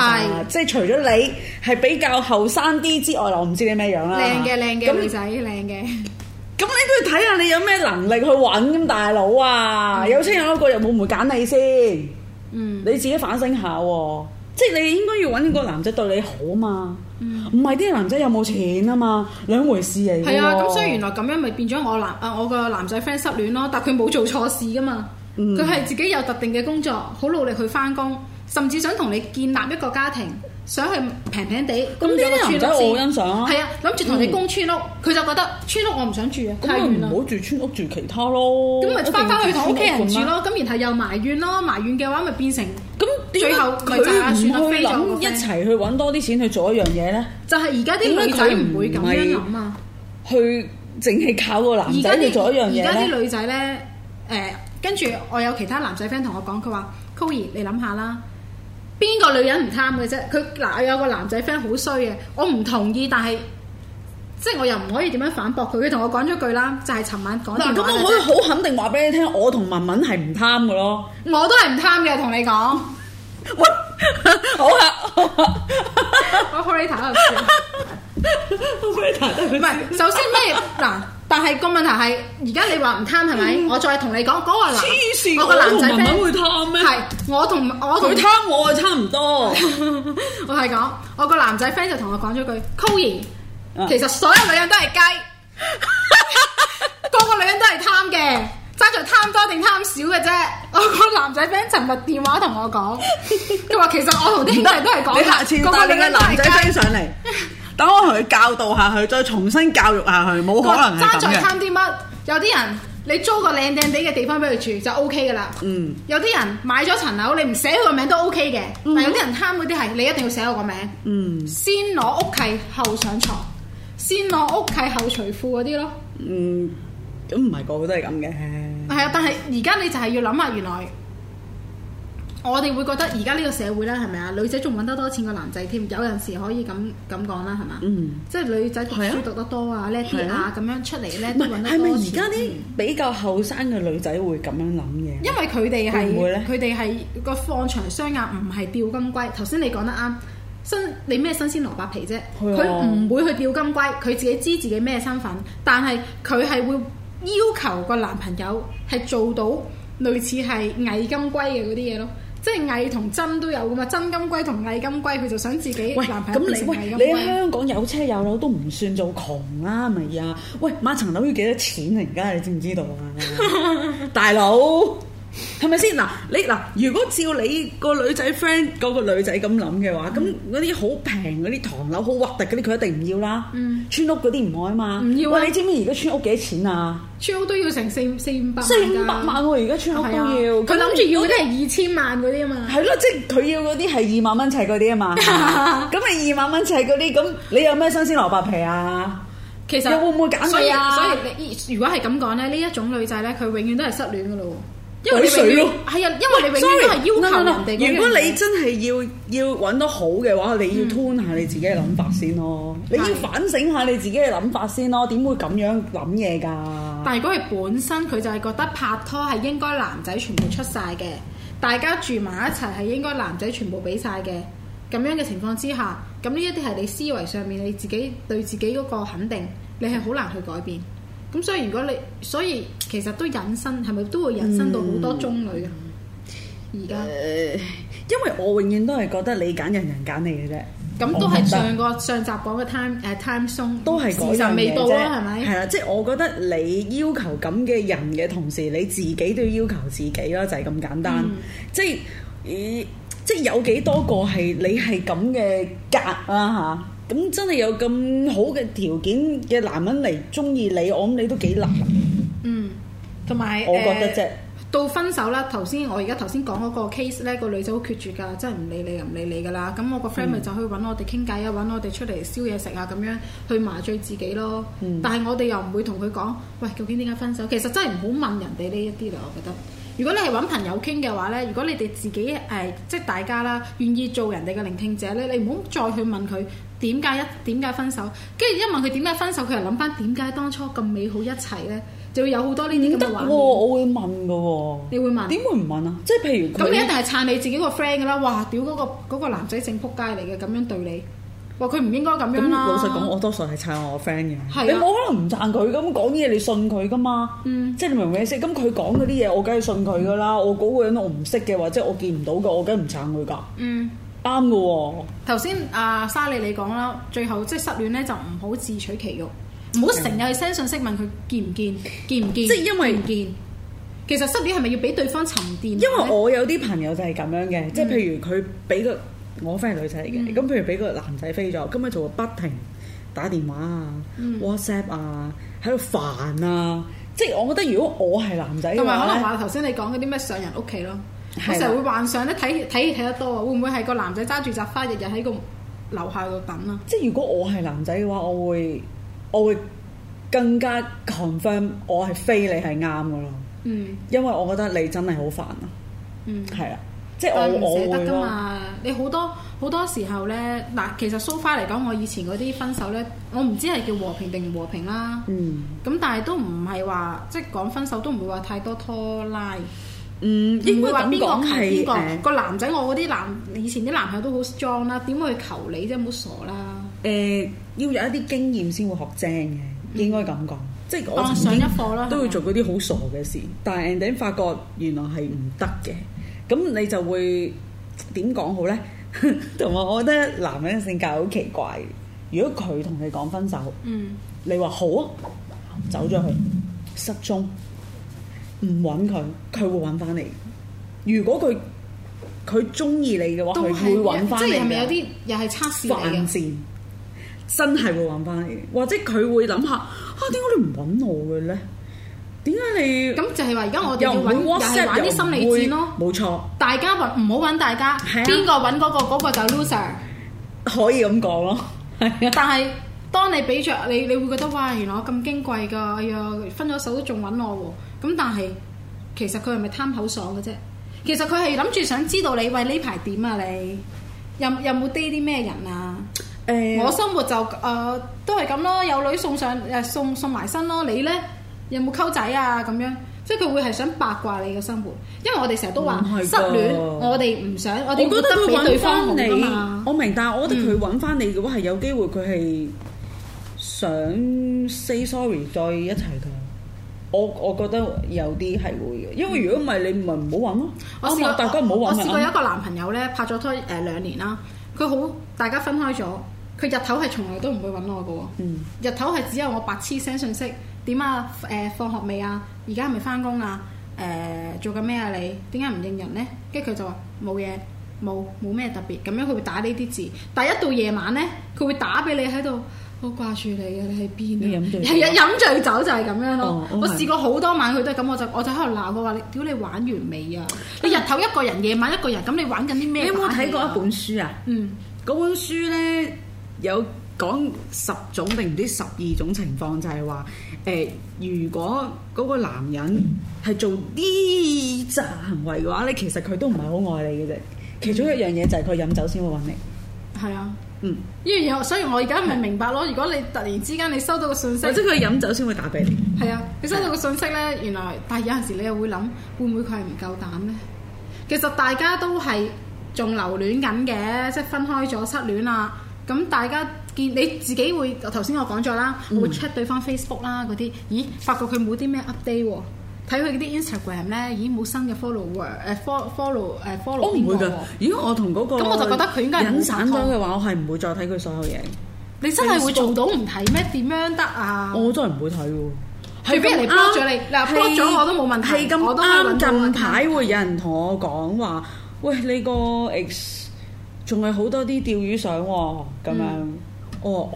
即係除咗你係比較後生啲之外，我唔知你咩樣啦。靚嘅靚嘅女仔，靚嘅。咁你都要睇下你有咩能力去搵咁大佬啊？有車有屋又會唔會揀你先。嗯，你自己反省下喎。即係你應該要揾個男仔對你好嘛，唔係啲男仔有冇錢啊嘛，兩回事嚟。係啊，咁所以原來咁樣咪變咗我男啊，我個男仔 friend 失戀咯，但佢冇做錯事噶嘛，佢係自己有特定嘅工作，好努力去翻工，甚至想同你建立一個家庭，想去平平地咁，啲男仔我好欣賞，係啊，諗住同你供村屋，佢就覺得村屋我唔想住啊，咁咪唔好住村屋住其他咯，咁咪翻翻去同屋企人住咯，咁然後又埋怨咯，埋怨嘅話咪變成最後佢都唔去諗，一齊去搵多啲錢去做一樣嘢咧。就係而家啲女仔唔會咁樣諗啊！去淨係靠個男仔去做一樣嘢咧。而家啲女仔咧，誒、呃，跟住我有其他男仔 friend 同我講，佢話：，Koey，你諗下啦，邊個女人唔貪嘅啫？佢嗱，有個男仔 friend 好衰嘅，我唔同意，但係即係我又唔可以點樣反駁佢。佢同我講咗句啦，就係、是、尋晚講。咁我可以好肯定話俾你聽，我同文文係唔貪嘅咯。我都係唔貪嘅，同你講。喂 我好啊，好啊，我好邋遢啊，好邋遢。唔係，首先咩嗱？但係個問題係，而家你話唔貪係咪？我再同你講，嗰個男，我個男仔 friend 會貪咩？係，我同我同佢貪，我係差唔多。我係講，我個男仔 friend 就同我講咗句：Cory，其實所有女人都係雞，個 個女人都係貪嘅。爭在貪多定貪少嘅啫，我 個男仔 friend 尋日電話同我講，佢話 其實我同啲兄弟都係講，個個男仔追上嚟，等 我同佢教導下佢，再重新教育下佢，冇 可能嘅。爭在貪啲乜？有啲人你租個靚靚地嘅地方俾佢住就 OK 噶啦。嗯。有啲人買咗層樓，你唔寫佢個名都 OK 嘅，嗯、但有啲人貪嗰啲係，你一定要寫我個名。嗯。先攞屋契後上床，先攞屋契後除褲嗰啲咯。嗯。咁唔係個個都係咁嘅。係啊， 但係而家你就係要諗下，原來我哋會覺得而家呢個社會咧，係咪啊？女仔仲揾得多錢過男仔添，有陣時可以咁咁講啦，係嘛？是是嗯，即係女仔讀書、嗯、讀得多啊，叻啲啊，咁樣出嚟咧都揾得多錢。係咪而家啲比較後生嘅女仔會咁樣諗嘅？因為佢哋係佢哋係個放長雙眼，唔係吊金龜。頭先你講得啱，新你咩新鮮蘿蔔皮啫。佢唔會去吊金龜，佢自己知自己咩身份，但係佢係會。要求個男朋友係做到類似係偽金龜嘅嗰啲嘢咯，即係偽同真都有㗎嘛，真金龜同偽金龜，佢就想自己喂，男朋友咁你金龜喂，你喺香港有車有樓都唔算做窮啦、啊，咪呀、啊？喂，買層樓要幾多錢你知知啊？而家你知唔知道啊？大佬。係咪先嗱？你嗱，如果照你女、嗰個女仔 friend 嗰個女仔咁諗嘅話，咁嗰啲好平嗰啲唐樓，好核突嗰啲，佢一定唔要啦。嗯，村屋嗰啲唔愛嘛。唔要啊！你知唔知而家村屋幾錢啊？村屋都要成四四五百。四五百萬喎、啊啊，而家村屋都要。佢諗住要啲係二千萬嗰啲啊嘛。係咯，即係佢要嗰啲係二萬蚊砌嗰啲啊嘛。咁咪 二萬蚊砌嗰啲，咁你有咩新鮮蘿卜皮啊？其實你會唔會揀佢啊所？所以所以，如果係咁講咧，呢一種女仔咧，佢永遠都係失戀噶咯。鬼水咯、係啊，啊，因為你永遠都係要求人哋。如果你真係要要揾得好嘅話，你要 tune 下你自己嘅諗法先咯，嗯、你要反省下你自己嘅諗法先咯，點會咁樣諗嘢㗎？但係如果佢本身佢就係覺得拍拖係應該男仔全部出晒嘅，大家住埋一齊係應該男仔全部俾晒嘅，咁樣嘅情況之下，咁呢一啲係你思維上面你自己對自己嗰個肯定，你係好難去改變。咁所以如果你，所以其實都引申，係咪都會引申到好多中女呀？而家，因為我永遠都係覺得你揀人人揀你嘅啫。咁都係上個上集講嘅 time 誒 time song，都係時時未到啦，係咪？係啦，即係我覺得你要求咁嘅人嘅同時，你自己都要要求自己啦，就係咁簡單。即係，以即係有幾多個係你係咁嘅格啦嚇。咁真係有咁好嘅條件嘅男人嚟中意你，我諗你都幾難。嗯，同埋我覺得啫，到分手啦。頭先我而家頭先講嗰個 case 咧，個女仔好決絕㗎，真係唔理你又唔理你㗎啦。咁我個 friend 咪就去揾我哋傾偈啊，揾我哋出嚟燒嘢食啊，咁樣去麻醉自己咯。嗯，但係我哋又唔會同佢講，喂，究竟點解分手？其實真係唔好問人哋呢一啲咯。我覺得，如果你係揾朋友傾嘅話咧，如果你哋自己誒，即係大家啦，願意做人哋嘅聆聽者咧，你唔好再去問佢。點解一點解分手？跟住一問佢點解分手，佢又諗翻點解當初咁美好一齊咧，就會有好多呢啲咁嘅話。唔得喎，我會問噶喎。你會問點會唔問啊？即係譬如咁，你一定係撐你自己個 friend 噶啦。哇！屌、嗰、嗰個男仔正撲街嚟嘅，咁樣對你，話佢唔應該咁樣啦，老實講。我多數係撐我 friend 嘅。係啊。你冇可能唔撐佢咁講嘢，你信佢噶嘛？嗯。即係你明唔明意思？咁佢講嗰啲嘢，嗯、我梗係信佢噶啦。我嗰個人我唔識嘅話，即我見唔到嘅，我梗係唔撐佢噶。嗯。啱㗎喎，頭先啊莎莉你講啦，最後即係失戀咧就唔好自取其辱，唔好成日去 send 信息問佢見唔見，見唔見，即係因為見見其實失戀係咪要俾對方沉澱？因為我有啲朋友就係咁樣嘅，嗯、即係譬如佢俾個我 friend 係女仔嚟嘅，咁、嗯、譬如俾個男仔飛咗，咁咪就會不停打電話啊、嗯、WhatsApp 啊，喺度煩啊，嗯、即係我覺得如果我係男仔，同埋可能話頭先你講嗰啲咩上人屋企咯。我成日會幻想咧，睇睇睇得多啊，會唔會係個男仔揸住紮花，日日喺個樓下度等啊？即係如果我係男仔嘅話，我會我會更加 confirm 我係非你係啱嘅咯。嗯，因為我覺得你真係好煩啊。嗯，係啊，即我唔捨得㗎嘛。會你好多好多時候咧，嗱，其實 so far 嚟講，我以前嗰啲分手咧，我唔知係叫和平定唔和平啦。嗯。咁但係都唔係話，即係講分手都唔會話太多拖拉。嗯，應該話係誒個男仔，我嗰啲男以前啲男朋友都好 strong 啦，點會求你啫？唔好傻啦！誒、呃，要有一啲經驗先會學精嘅，應該咁講。嗯、即係我上一課啦，都會做嗰啲好傻嘅事，嗎但係人哋發覺原來係唔得嘅，咁你就會點講好咧？同 埋我覺得男人嘅性格好奇怪。如果佢同你講分手，嗯，你話好啊，走咗去，失蹤。唔揾佢，佢會揾翻嚟。如果佢佢中意你嘅話，佢都係會揾翻嚟，即係咪有啲又係測試嘅？犯賤真係會揾翻嚟，或者佢會諗下啊，點解你唔揾我嘅咧？點解你咁就係話而家我哋又會又玩啲心理戰咯？冇錯，錯大家唔好揾大家，邊個揾嗰個，嗰、嗰個就 loser，可以咁講咯。 係但係當你比着你，你會覺得哇，原來我咁矜貴噶，哎呀，分咗手都仲揾我喎。咁但係，其實佢係咪貪口爽嘅啫？其實佢係諗住想知道你喂，呢排點啊？你有有冇啲咩人啊？誒、欸，我生活就誒、呃、都係咁咯，有女送上誒送送埋身咯。你咧有冇溝仔啊？咁樣，即係佢會係想八卦你嘅生活，因為我哋成日都話失戀，哦、我哋唔想我哋覺得俾對方好啊嘛。我明白，但我覺得佢揾翻你嘅話係有機會，佢係想 say sorry 再一齊嘅。我我覺得有啲係會嘅，因為如果唔係你唔咪唔好揾咯。我試過有一個男朋友咧拍咗拖誒兩年啦，佢好大家分開咗，佢日頭係從來都唔會揾我嘅喎。嗯，日頭係只有我白痴 send 信息，點啊誒、呃、放學未啊？而家係咪翻工啊？誒做緊咩啊？你點解唔認人咧？跟住佢就話冇嘢，冇冇咩特別。咁樣佢會打呢啲字，但一到夜晚咧，佢會打俾你喺度。我掛住你嘅，你喺邊啊？飲醉？係啊，飲醉酒就係咁樣咯。哦、我試過好多晚，佢都係咁。我就我就喺度鬧我話：你屌你玩完未啊？嗯、你日頭一個人，夜晚一個人，咁你玩緊啲咩？你有冇睇過一本書啊？嗯，嗰本書咧有講十種定唔知十二種情況，就係話誒，如果嗰個男人係做呢種行為嘅話咧，其實佢都唔係好愛你嘅啫。其中一樣嘢就係佢飲酒先會揾你。係啊、嗯。嗯，因為我所以我而家唔係明白咯。如果你突然之間你收到個信息，或者佢飲酒先會打俾你，係 啊，你收到個信息呢，原來，但係有陣時你又會諗，會唔會佢係唔夠膽呢？其實大家都係仲留戀緊嘅，即係分開咗、失戀啦。咁大家見你自己會頭先我講咗啦，會 check 對方 Facebook 啦嗰啲，嗯、咦，發覺佢冇啲咩 update 喎。睇佢啲 Instagram 咧，Instagram，已經冇新嘅 fo、呃、follow，誒、啊、follow，誒 follow 邊個？我唔會噶，如果我同嗰個隱散咗嘅話，我係唔會再睇佢所有嘢。你真係會做到唔睇咩？點樣得啊？我都係唔會睇喎。係俾人哋 block 咗你嗱 block 咗我都冇問題。係咁啱近排會有人同我講話，喂你個 X 仲係好多啲釣魚相喎，咁樣、嗯、哦。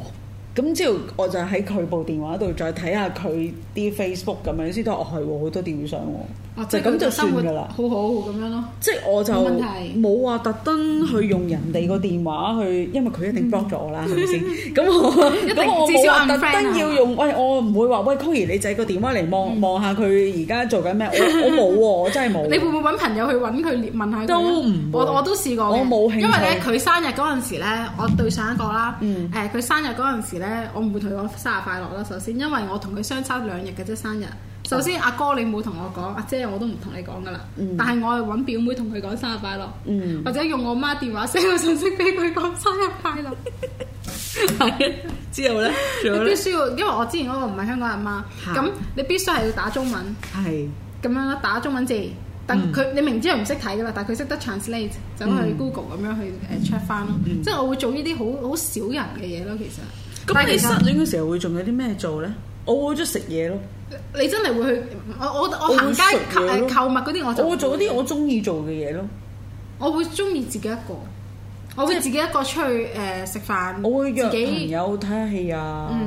咁之後我就喺佢部電話度再睇下佢啲 Facebook 咁樣先，都係好多釣魚相喎。就咁就算噶啦，好好咁樣咯。即係我就冇話特登去用人哋個電話去，因為佢一定 block 咗我啦，係咪先？咁我咁我冇話特登要用。喂，我唔會話喂，溝兒你仔個電話嚟望望下佢而家做緊咩？我我冇喎，我真係冇。你會唔會揾朋友去揾佢問下？都唔，我我都試過。我冇興趣。因為咧，佢生日嗰陣時咧，我對上一個啦。誒，佢生日嗰陣時咧，我唔會同佢講生日快樂啦。首先，因為我同佢相差兩日嘅啫，生日。首先，阿哥你冇同我講，阿姐我都唔同你講噶啦。但係我係搵表妹同佢講生日快樂，或者用我媽電話寫個信息俾佢講生日快樂。之後咧，你必須要，因為我之前嗰個唔係香港阿媽，咁你必須係要打中文。係咁樣打中文字，但佢你明知佢唔識睇噶啦，但係佢識得 translate，走去 Google 咁樣去誒 check 翻咯。即係我會做呢啲好好少人嘅嘢咯，其實。咁你失戀嘅時候會仲有啲咩做咧？我會中意食嘢咯，你真係會去我我我行街誒購物嗰啲，我就我做啲我中意做嘅嘢咯。我會中意自己一個，我會自己一個出去誒食飯。我會約朋友睇下戲啊，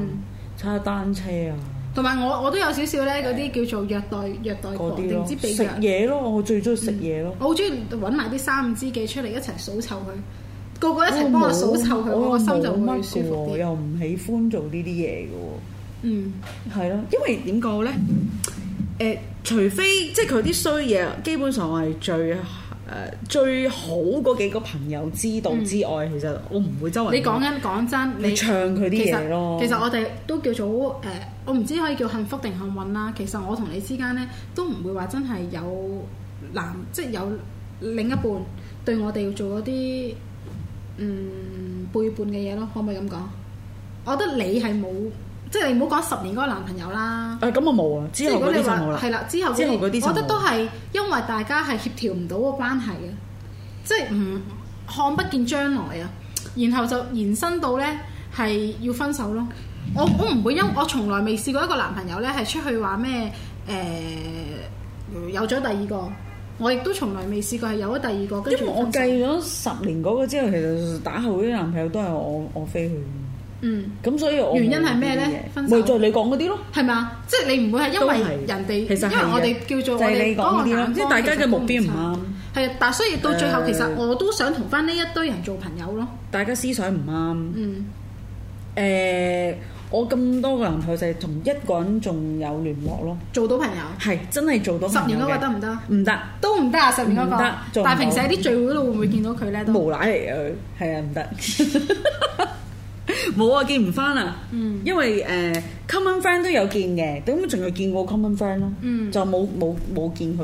踩下單車啊。同埋我我都有少少咧嗰啲叫做虐待虐待房，唔知畀食嘢咯。我最中意食嘢咯。我好中意揾埋啲三五知己出嚟一齊數臭佢，個個一齊幫我數臭佢，我心就好舒服啲。又唔喜歡做呢啲嘢嘅喎。嗯，係咯，因為點講咧？誒、呃，除非即係佢啲衰嘢，基本上我係最誒、呃、最好嗰幾個朋友知道之外，嗯、其實我唔會周圍。你講緊講真，你，你唱佢啲嘢咯。其實我哋都叫做誒、呃，我唔知可以叫幸福定幸運啦。其實我同你之間咧，都唔會話真係有男，即係有另一半對我哋要做嗰啲嗯背叛嘅嘢咯。可唔可以咁講？我覺得你係冇。即係你唔好講十年嗰個男朋友啦、欸。誒咁我冇啊，之後嗰啲就冇啦。係啦，之後嗰啲，之後我覺得都係因為大家係協調唔到個關係嘅，即係唔看不見將來啊。然後就延伸到咧係要分手咯。我我唔會因、嗯、我從來未試過一個男朋友咧係出去話咩誒有咗第二個。我亦都從來未試過係有咗第二個跟住。我計咗十年嗰個之後，其實打後啲男朋友都係我我飛去。嗯，咁所以原因係咩咧？咪就你講嗰啲咯，係嘛？即係你唔會係因為人哋，因為我哋叫做我哋嗰個，即係大家嘅目標唔啱。係啊，但係所以到最後，其實我都想同翻呢一堆人做朋友咯。大家思想唔啱。嗯。誒，我咁多個人，佢就係同一個人仲有聯絡咯。做到朋友係真係做到十年嗰個得唔得？唔得，都唔得啊！十年嗰個。唔得。但平時喺啲聚會度會唔會見到佢咧？都無賴嚟嘅，係啊，唔得。冇啊，見唔翻啦。嗯，因為誒 common friend 都有見嘅，咁仲有見過 common friend 咯。嗯，就冇冇冇見佢。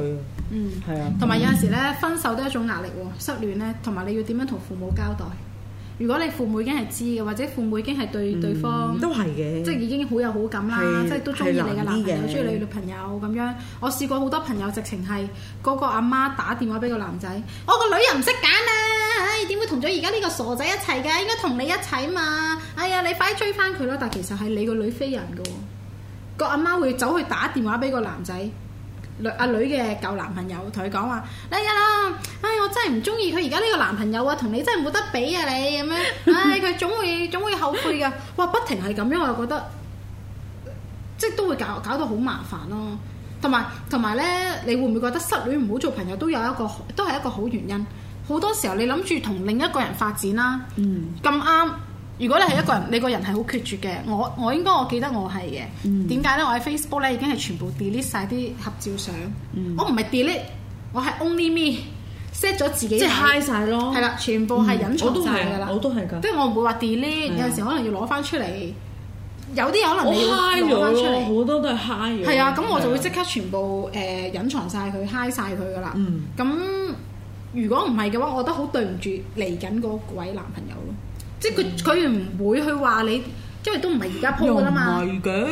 嗯，係啊。同埋有陣時咧，分手都係一種壓力喎。失戀咧，同埋你要點樣同父母交代？如果你父母已經係知嘅，或者父母已經係對對方、嗯、都係嘅，即係已經好有好感啦，是，即係都中意你嘅男朋友，中意你女朋友咁樣。我試過好多朋友，直情係嗰個阿媽打電話俾個男仔，我個女又唔識揀啊！你點、哎，會同咗而家呢個傻仔一齊嘅？應該同你一齊嘛？哎呀，你快追翻佢咯！但其實係你個女飛人嘅、哦，個阿媽會走去打電話俾個男仔女阿女嘅舊男朋友，同佢講話：，嚟呀，哎呀，我真係唔中意佢而家呢個男朋友啊，同你真係冇得比啊！你咁樣，唉、哎，佢總會 總會後悔噶。哇，不停係咁樣，我就覺得即係都會搞搞到好麻煩咯、啊。同埋同埋咧，你會唔會覺得失戀唔好做朋友，都有一個都係一個好原因？好多時候你諗住同另一個人發展啦，咁啱。如果你係一個人，你個人係好決絕嘅，我我應該我記得我係嘅。點解咧？我喺 Facebook 咧已經係全部 delete 晒啲合照相，我唔係 delete，我係 only me set 咗自己。即係 high 曬咯。係啦，全部係隱藏曬㗎啦。我都係㗎。即係我唔會話 delete，有陣時可能要攞翻出嚟。有啲可能你要攞翻出嚟。好多都係 high 咗。係啊，咁我就會即刻全部誒隱藏晒佢，high 曬佢㗎啦。嗯。咁。如果唔係嘅話，我覺得好對唔住嚟緊嗰位男朋友咯。即係佢佢唔會去話你，因為都唔係而家 po 噶啦嘛。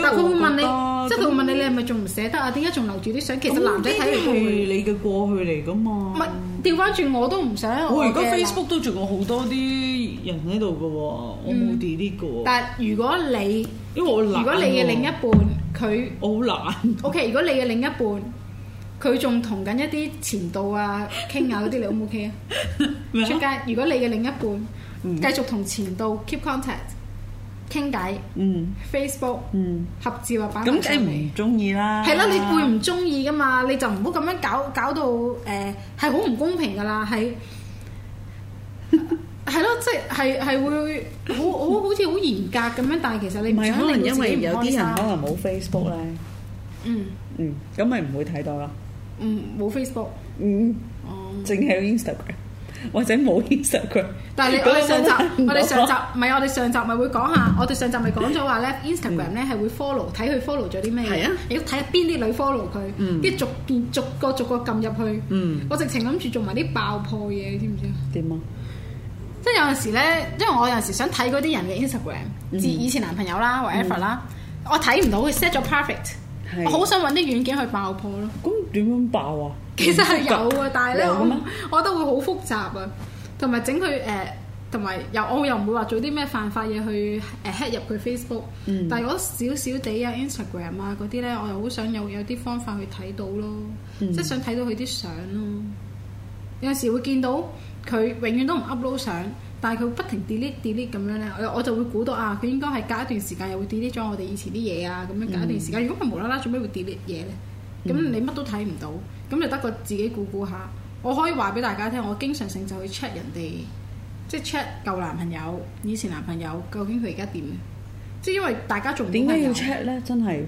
但佢會問你，即係佢會問你這樣 你係咪仲唔捨得啊？點解仲留住啲相？其實男仔睇都唔會。係你嘅過去嚟噶嘛？唔係，調翻轉我都唔想。我而家 Facebook 都仲有好多啲人喺度嘅喎，我冇 delete 嘅喎、嗯。但係如果你因為、欸、我難，如果你嘅另一半佢我好難。O K，如果你嘅另一半。佢仲同緊一啲前度啊傾下嗰啲你 O 唔 OK 啊？點解？如果你嘅另一半繼續同前度 keep contact，傾偈，Facebook 合照啊，咁梗係唔中意啦。係啦，你會唔中意噶嘛？你就唔好咁樣搞，搞到誒係好唔公平噶啦，係係咯，即係係會好好好好似好嚴格咁樣，但係其實你唔係，可能因為有啲人可能冇 Facebook 咧，嗯嗯，咁咪唔會睇到咯。嗯，冇 Facebook，嗯，哦，淨係 Instagram 或者冇 Instagram。但係你我哋上集，我哋上集唔係，我哋上集咪會講下，我哋上集咪講咗話咧，Instagram 咧係會 follow 睇佢 follow 咗啲咩嘅，要睇邊啲女 follow 佢，跟住逐件逐個逐個撳入去。我直情諗住做埋啲爆破嘢，你知唔知啊？點啊？即係有陣時咧，因為我有陣時想睇嗰啲人嘅 Instagram，自以前男朋友啦或 whatever 啦，我睇唔到佢 set 咗 perfect。是我好想揾啲軟件去爆破咯。咁點樣爆啊？其實係有嘅，嗯、但係咧、嗯嗎，我覺得會好複雜啊。同埋整佢誒，同埋又我又唔會話做啲咩犯法嘢去誒、呃、hack 入佢 Facebook、嗯。但係我少少啲啊 Instagram 啊嗰啲咧，我又好想有有啲方法去睇到咯，嗯、即係想睇到佢啲相咯。有時會見到佢永遠都唔 upload 相。但係佢不停 delete delete 咁樣咧，我我就會估到啊，佢應該係隔一段時間又會 delete 咗我哋以前啲嘢啊，咁樣隔一段時間。如果佢無啦啦做咩會 delete 嘢咧？咁、嗯、你乜都睇唔到，咁就得個自己估估下。我可以話俾大家聽，我經常性就去 check 人哋，即係 check 舊男朋友、以前男朋友究竟佢而家點咧？即係因為大家仲點解要 check 咧？真係。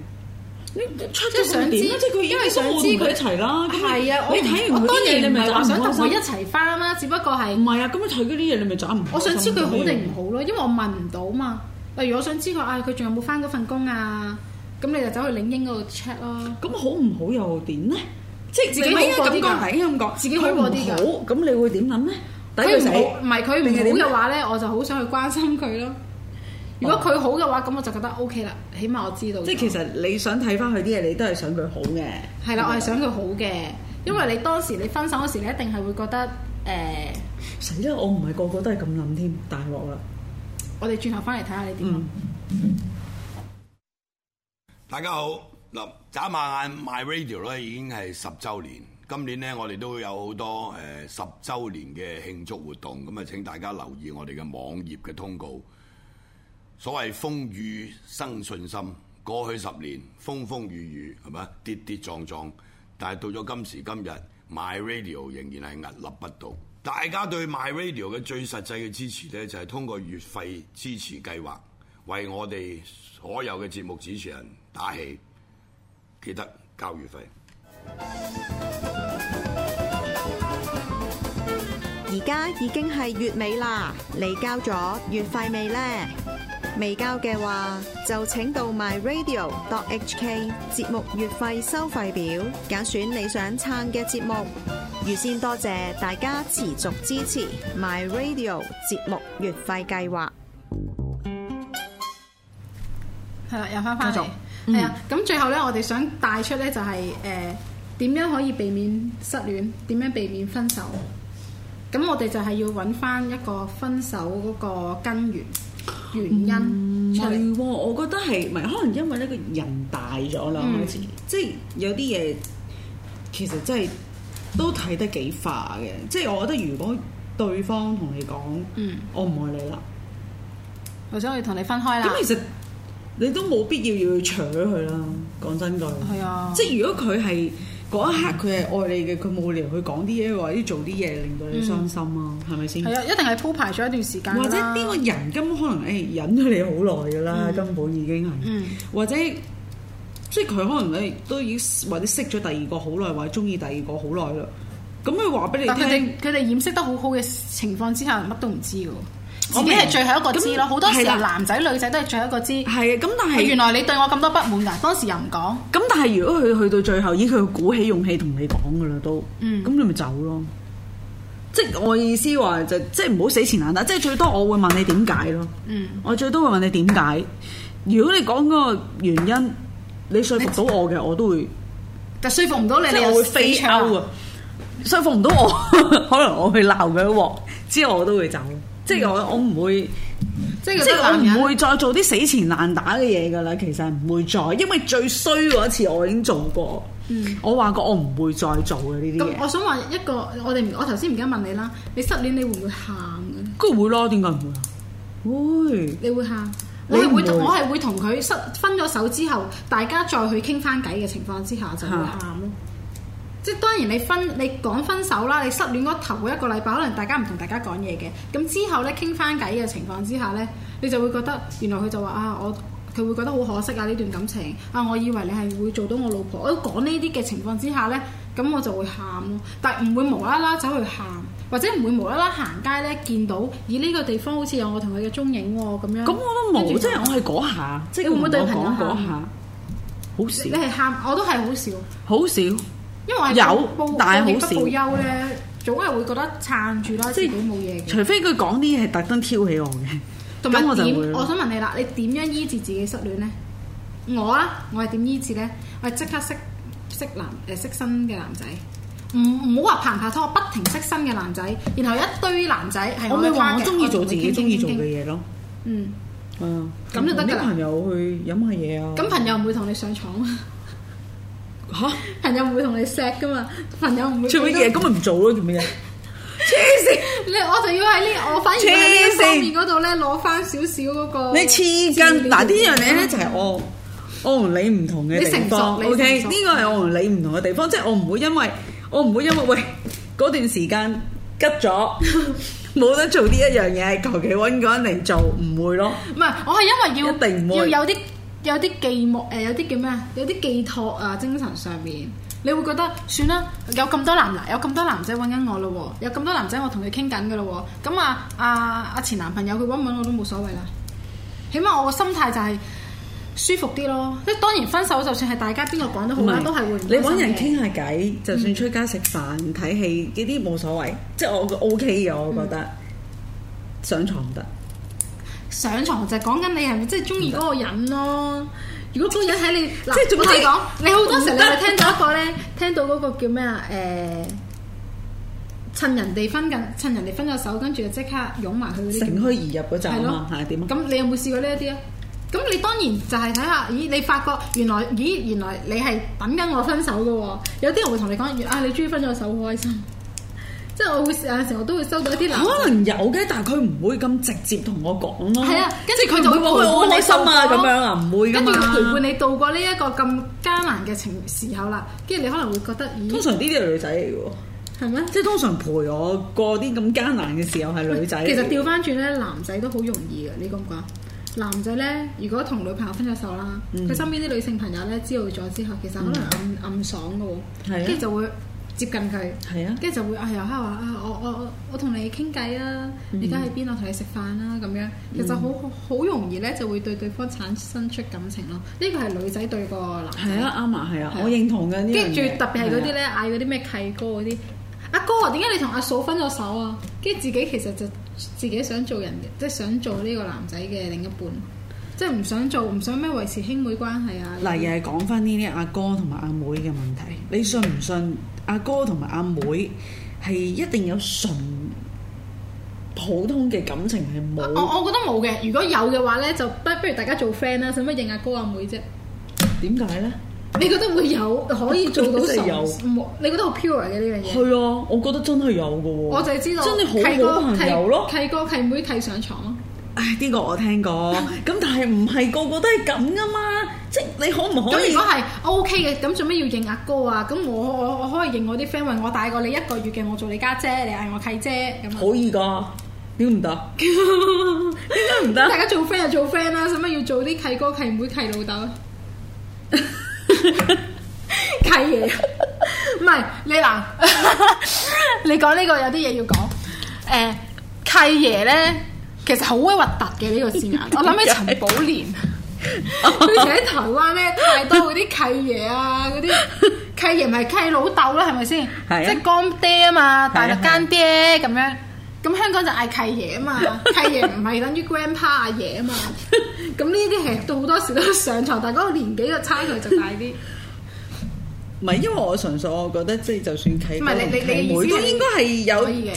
你出咗想知，即係佢因為想知佢一齊啦。係啊，你睇完佢啲嘢，當然你咪想同佢一齊翻啦。只不過係唔係啊？咁你睇嗰啲嘢，你咪揀唔。我想知佢好定唔好咯，因為我問唔到啊嘛。例如我想知佢啊，佢仲有冇翻嗰份工啊？咁你就走去領英嗰度 check 咯。咁好唔好又點咧？即係自己好嗰自己好嗰啲嘅。咁你會點諗咧？抵佢唔好？唔係佢唔好嘅話咧，我就好想去關心佢咯。如果佢好嘅話，咁我就覺得 OK 啦，起碼我知道。即係其實你想睇翻佢啲嘢，你都係想佢好嘅。係啦，我係想佢好嘅，因為你當時、嗯、你分手嗰時，你一定係會覺得誒。死、欸、啦！我唔係個個都係咁諗添，大鑊啦！我哋轉頭翻嚟睇下你點、嗯。嗯、大家好，嗱、呃、眨下眼，My Radio 咧已經係十週年，今年呢，我哋都有好多誒、呃、十週年嘅慶祝活動，咁啊請大家留意我哋嘅網頁嘅通告。所謂風雨生信心，過去十年風風雨雨係咪跌跌撞撞，但係到咗今時今日，My Radio 仍然係屹立不倒。大家對 My Radio 嘅最實際嘅支持呢就係通過月費支持計劃，為我哋所有嘅節目主持人打氣。記得交月費。而家已經係月尾啦，你交咗月費未呢？未交嘅話就請到 MyRadio.HK 節目月費收費表，揀選你想撐嘅節目。預先多謝大家持續支持 MyRadio 節目月費計劃。係啦、嗯，又翻翻嚟。係啊、嗯，咁最後咧、就是，我哋想帶出咧就係誒，點樣可以避免失戀？點樣避免分手？咁我哋就係要揾翻一個分手嗰個根源。原因係、嗯就是、我覺得係咪可能因為呢個人大咗啦，嗯、即係有啲嘢其實真係都睇得幾化嘅。即係我覺得，如果對方同你講，嗯，我唔愛你啦，我想同你分開啦。咁其實你都冇必要要去搶佢啦。講真句，係啊，即係如果佢係。嗰一刻佢係愛你嘅，佢冇理由去講啲嘢或者做啲嘢令到你傷心啊，係咪先？係啊，一定係鋪排咗一段時間或者呢個人根本可能誒、欸、忍咗你好耐㗎啦，嗯、根本已經係、嗯，或者即係佢可能你都已經或者識咗第二個好耐，或者中意第二個好耐啦。咁佢話俾你聽，佢哋佢哋掩飾得好好嘅情況之下，乜都唔知喎。只係自己係 Okay, 最後一個知咯，好、嗯、多時男仔的女仔都係最後一個知，係。咁但係原來你對我咁多不滿噶，當時又唔講。咁但係如果佢去到最後，依佢鼓起勇氣同你講噶啦都，咁、嗯、你咪走咯。即係我意思話就是、即係唔好死纏爛打，即係最多我會問你點解咯。嗯、我最多會問你點解。如果你講個原因，你說服到我嘅，我都會。但係 說服唔到你，你我會飛出啊！說服唔到我，可能我會鬧佢一鑊，之後我都會走。即係我我唔會，即係即係我唔會再做啲死纏爛打嘅嘢㗎啦。其實唔會再，因為最衰嗰一次我已經做過。嗯，我話過我唔會再做嘅呢啲。咁我想話一個，我哋我頭先而家問你啦，你失戀你會唔會喊嘅？梗係會啦，點解唔會啊？會，你會喊。我係會，我係會同佢失分咗手之後，大家再去傾翻偈嘅情況之下就會喊咯。即係當然，你分你講分手啦，你失戀嗰頭一個禮拜，可能大家唔同大家講嘢嘅。咁之後咧傾翻偈嘅情況之下咧，你就會覺得原來佢就話啊，我佢會覺得好可惜啊呢段感情啊，我以為你係會做到我老婆。我講呢啲嘅情況之下咧，咁我就會喊咯。但唔會無啦啦走去喊，或者唔會無啦啦行街咧見到以呢個地方好似有我同佢嘅蹤影喎咁樣。咁我都冇，即係我係講下，即係會唔會對我講下，好少。你係喊我都係好少，好少。因為有，但係好少。不退休咧，總係會覺得撐住啦，即係冇嘢。除非佢講啲嘢係特登挑起我嘅，咁我就會。我想問你啦，你點樣醫治自己失戀咧？我啊，我係點醫治咧？我係即刻識識男誒識新嘅男仔，唔唔好話拍唔拍拖，不停識新嘅男仔，然後一堆男仔係我嘅。我咪話我中意做自己中意做嘅嘢咯。嗯。啊。咁都得㗎。啲朋友去飲下嘢啊。咁朋友唔會同你上牀。嚇，朋友唔會同你錫噶嘛，朋友唔會做乜嘢？咁咪唔做咯，做乜嘢？黐線，你我就要喺呢，我反而喺呢方面嗰度咧攞翻少少嗰個。你黐筋嗱，呢樣嘢咧就係我我同你唔同嘅地方，OK，呢個係我同你唔同嘅地方，即係我唔會因為我唔會因為喂嗰段時間急咗冇得做呢一樣嘢，求其揾個人嚟做唔會咯。唔係我係因為要，一定要有啲。有啲寄寞，誒，有啲叫咩啊？有啲寄託啊，精神上面，你會覺得算啦。有咁多男仔，有咁多男仔揾緊我咯喎，有咁多男仔我同佢傾緊嘅咯喎。咁啊，阿、啊、阿前男朋友佢揾唔揾我都冇所謂啦。起碼我個心態就係舒服啲咯。即係當然分手，就算係大家邊個講得好啱，是都係會你揾人傾下偈，就算出街食飯、睇戲呢啲冇所謂。即係我個 OK 嘅，我覺得、嗯、上床唔得。上床就係講緊你係咪真係中意嗰個人咯。不行 如果嗰人喺你，即係我同你講，你好多時都係聽到一個咧， 聽到嗰個叫咩啊？誒、呃，趁人哋分緊，趁人哋分咗手，跟住就即刻擁埋佢嗰啲。乘虛而入嗰陣啊，係點啊？咁你有冇試過呢一啲啊？咁你當然就係睇下，咦？你發覺原來，咦？原來你係等緊我分手嘅喎。有啲人會同你講，啊！你終於分咗手好開心。即係我會有陣時我都會收到一啲男，可能有嘅，但係佢唔會咁直接同我講咯。係啊，啊跟即係佢就會話：，佢好開心啊，咁樣啊，唔會咁啊。跟住陪伴你渡過呢一個咁艱難嘅情時候啦，跟住你可能會覺得，通常呢啲係女仔嚟嘅喎，係咩嗎？即係通常陪我過啲咁艱難嘅時候係女仔。其實調翻轉咧，男仔都好容易嘅，你咁講，男仔咧，如果同女朋友分咗手啦，佢、嗯、身邊啲女性朋友咧知道咗之後，其實可能暗、嗯、暗爽嘅喎，跟住嗎就會。接近佢，係啊，跟住就會哎呀，蝦話啊，我我我同你傾偈啊，你而家喺邊度，同你食飯啦，咁樣其實好好容易咧，就會對對方產生出感情咯。呢個係女仔對個男，係啊，啱啊，係啊，我認同嘅。跟住特別係嗰啲咧，嗌嗰啲咩契哥嗰啲阿哥啊，點解你同阿嫂分咗手啊？跟住自己其實就自己想做人即係想做呢個男仔嘅另一半，即係唔想做，唔想咩維持兄妹關係啊。嗱，又係講翻呢啲阿哥同埋阿妹嘅問題，你信唔信？阿哥同埋阿妹係一定有純普通嘅感情係冇、啊。我我覺得冇嘅，如果有嘅話咧，就不不如大家做 friend 啦，使乜認阿哥阿妹啫？點解咧？你覺得會有可以做到純？你覺得好 pure 嘅呢樣嘢？係啊，我覺得真係有㗎喎。我就係知道，真係好多朋友咯，契哥契妹契上床咯。呢、哎呢個我聽過，咁但係唔係個個都係咁噶嘛？即係你可唔可以？如果係 O K 嘅，咁做咩要認阿哥啊？咁我我我可以認我啲 friend，我大過你一個月嘅，我做你家姐，姐，你嗌我契姐咁可以噶，點唔得？點解唔得？ 大家做 friend 就做 friend 啦、啊，使乜要做啲契哥契妹契老豆？契 爺唔係你嗱，你講呢 個有啲嘢要講。誒、呃，契爺咧。其實好鬼核突嘅，呢個字眼，何我諗起陳寶蓮，佢哋喺台灣咩太多嗰啲契爺啊，嗰啲契爺唔係契老豆啦，係咪先？即係乾爹啊嘛 爹嘛，大粒乾爹咁樣，咁香港就嗌契爺啊嘛，契爺唔係等於 grandpa 阿爺啊嘛，咁呢啲係到好多時都上床，但係嗰個年紀嘅差距就大啲。唔係，因為我純粹我覺得即係，就算契爺，唔係你你你嘅意思都應該係有嘅。